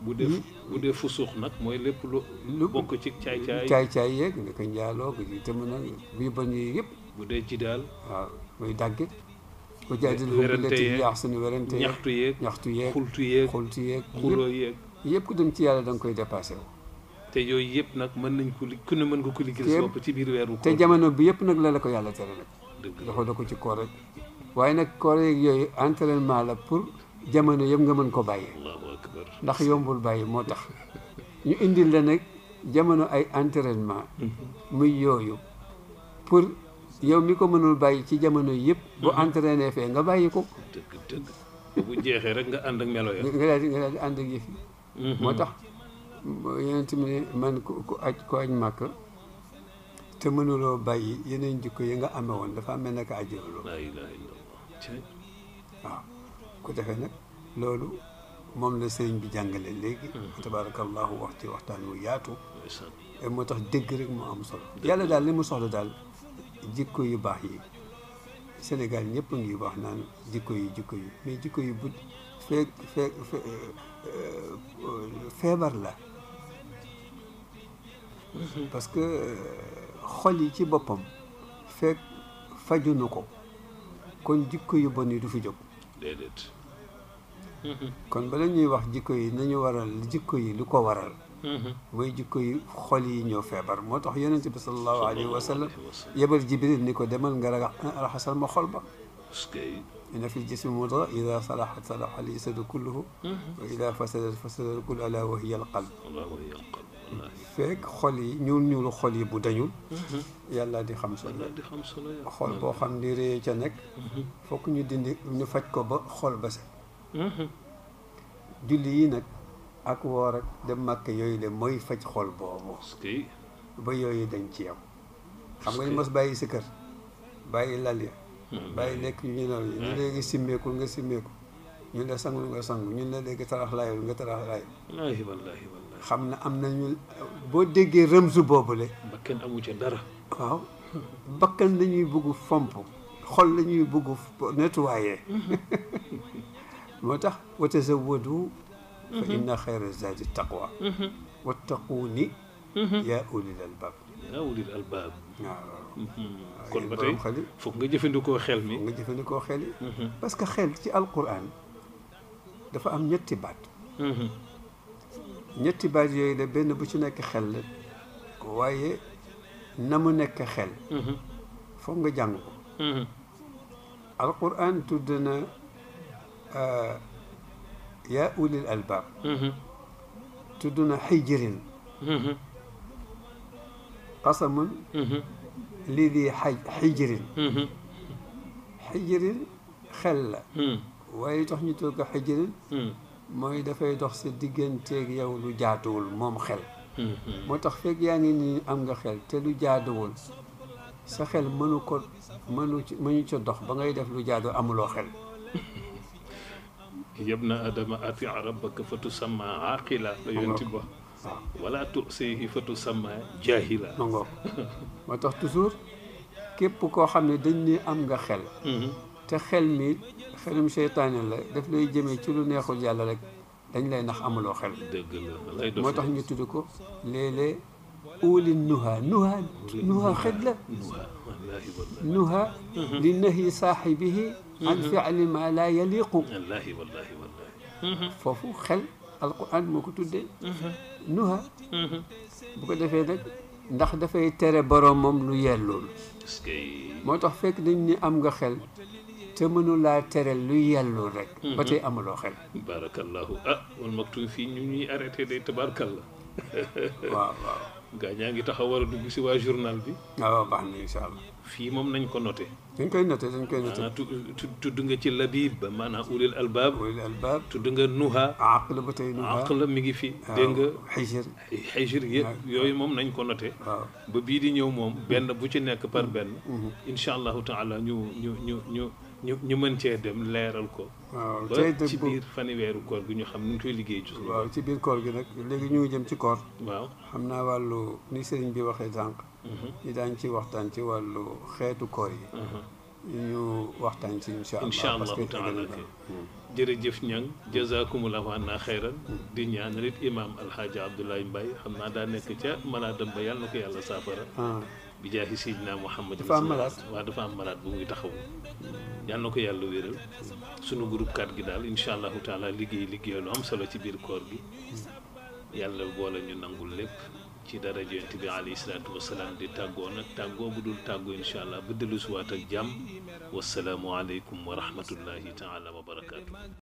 bu dee bu dee fusuux nag mooy lépp lu bokk ci caay-caay caay-caay yeeg naka njaaloo ko ji te mën a yu bon yi yëpp bu dee ci daal waaw muy dàggit ko jaadil ko billati yaax sunu werante yeeg ñaxtu yeeg ñaxtu yëpp ku dem ci yàlla da nga koy dépassé te yooyu yëpp nag mën nañ ko ku mën nga ko liggéey sa ci biir weeru te jamono bi yëpp nag la la ko yàlla tere nag dafa da ko ci koor rek waaye nag koor yeeg yooyu entraînement la pour jamono yëpp nga mën ko bàyyi ndax yombul bàyyi moo tax ñu indil la nag jamono ay entraînement mhm. muy yooyu pour yow mi ko mënul bàyyi ci jamono yëpp. bu mhm. entraîné fee nga bàyyi ko. dëgg dëgg bu jeexee rek nga ànd ak melo ya. nga daal mhm. tax yonent mi ne man ku ku aj màkk te mënuloo bàyyi yeneen jikko yi nga amee woon dafa mel ne que ajjuloo. waaw ku defee nag loolu moom la sëriñ bi jàngale léegi. Mhm. tabaarakallahu wax ci waxtaan wu yaatu. moo tax dégg rek moo am solo. yàlla daal li mu soxla daal. jikko yu baax yi Sénégal ñëpp ngi wax naan jikko yi jikko yi mais jikko yi bu fee feebar la parce que euh, xol yi ci boppam fekk fajunu ko kon jikko yu bon yi du fi jóg déedéet kon bala ñuy wax jikko yi nañu waral jikko yi lu ko waral way ji koy xol yi ñoo feebar moo tax yonent bi sal allahu alayhi wa sallam yebal jibril ni ko إن في الجسم مضغة إذا صلحت صلح الجسد كله وإذا فسدت فسد الكل ألا وهي القلب. الله وهي القلب. فيك خولي نيول نيول خولي بودانيول يلا دي خمسة يلا دي خمسة خول بو خام دي ري تانيك فوك ني دي ني فاج كو با خول ak woor rek dem màkk yooyu le mooy faj xol boobu ba yooyu dañ ci yam xam nga ñu mos bàyyi si kër bàyyi lal ya hmm. bàyyi lekk yu ñu naw ñu hmm. léegi simmeekul nga simmeeku ñu la sangul nga sangu ñu la léegi tarax laayul nga tarax laayul wallaahi xam na am na ñu boo déggee rëmsu boobule bakkan amu ca dara waaw bakkan la ñuy bëgg fomp xol la ñuy bëgg hmm. moo tax wate sa wadu فإن خير الزاد التقوى واتقوني يا أولي الألباب يا أولي الألباب كل ما تي فوق نجي في نكو خيل مي نجي في نكو خيل بس كخيل في القرآن دفع أم نتي بعد نتي بعد يا إذا بين بوشنا كخيل كواي نمونا كخيل فوق نجي جانبو القرآن تدنا آه yaa ulil albaab tudd na xijrin qasamun lii di xaj xijrin xijrin xel la waaye tax ñu tudd ko xijrin mooy dafay dox sa digganteeg yow lu jaaduwul moom xel moo tax fekk yaa ngi nii am nga xel te lu jaaduwul sa xel mënu ko mënu mënu ca dox ba ngay def lu jaadu amuloo xel يا ابن ادم اطيع ربك فتسمى عاقلا يونتبا ولا تؤسيه فتسمى جاهلا ما تخ تزور كيب كو خامي دني ام غا خيل تا خيل مي خيرم شيطان لا داف لي جيمي تي لو نيهو جال رك دنج لاي نخ املو خيل دغ لا لاي دوف ما تخ ني تودو كو لي لي اولي النها نها نها خدله نها للنهي صاحبه عن فعل ما لا يليق والله والله والله foofu xel alquran moo ko tuddee nuha bu ko defee nag ndax dafay tere boromam lu yellul moo tax fekk dañ ni am nga xel te mënulaa tere lu yellul rek ba tey amuloo xel barakallahu ah wal maktum fii ñu ñuy arrêté day tabarakallah waaw waaw gaa dugg journal bi waaw baax na incha allah nañ ko noté dañ koy noté dañ koy noté. Ah, tudd nga ci labib ba maanaam ulil albaab. ulil albaab tudd nga nuha. aql ba tey nuha aql mi ngi fi. waaw dégg nga xijir. xijir yëpp yooyu moom nañ ko noté. waaw ba bii di ñëw moom benn bu ci nekk par mm-hmm. benn. Mm-hmm. incha allahu taala ñu ñu ñu ñu ñu ñu mën cee dem leeral ko. waaw tey ba ci biir fanweeru koor bi ñu xam ni ñu koy liggéey. waaw ci biir koor gi nag léegi ñu ngi jëm ci koor. waaw xam naa wàllu ni sëriñ bi waxee sànq. ñi daañ ci waxtaan ci wàllu xeetu koor yi ñu waxtaan ci incha allah incha allahu taala jërëjëf ñang jazakumullahu anna xayran di ñaan rit imam alxaaja abdoulaye mbay xam naa daa nekk ca malaadam ba yàlla na ko yàlla saafara ah. bi jaahi sidina muhammad dafa am malaat waaw dafa am malaat bu muy taxaw yàlla na ko yàlla wéral sunu groupe 4 gi daal incha allahu taala liggéey liggéey lu am solo ci biir koor bi yàlla boole ñu nangul lépp ci daraja yonent bi alayhi salaatu wasalaam di tàggoo nag tàggoo bu dul tàggoo incha allah ba dellusiwaat ak jàmm wasalaamualeykum wa rahmatullahi taala wa barakaatu.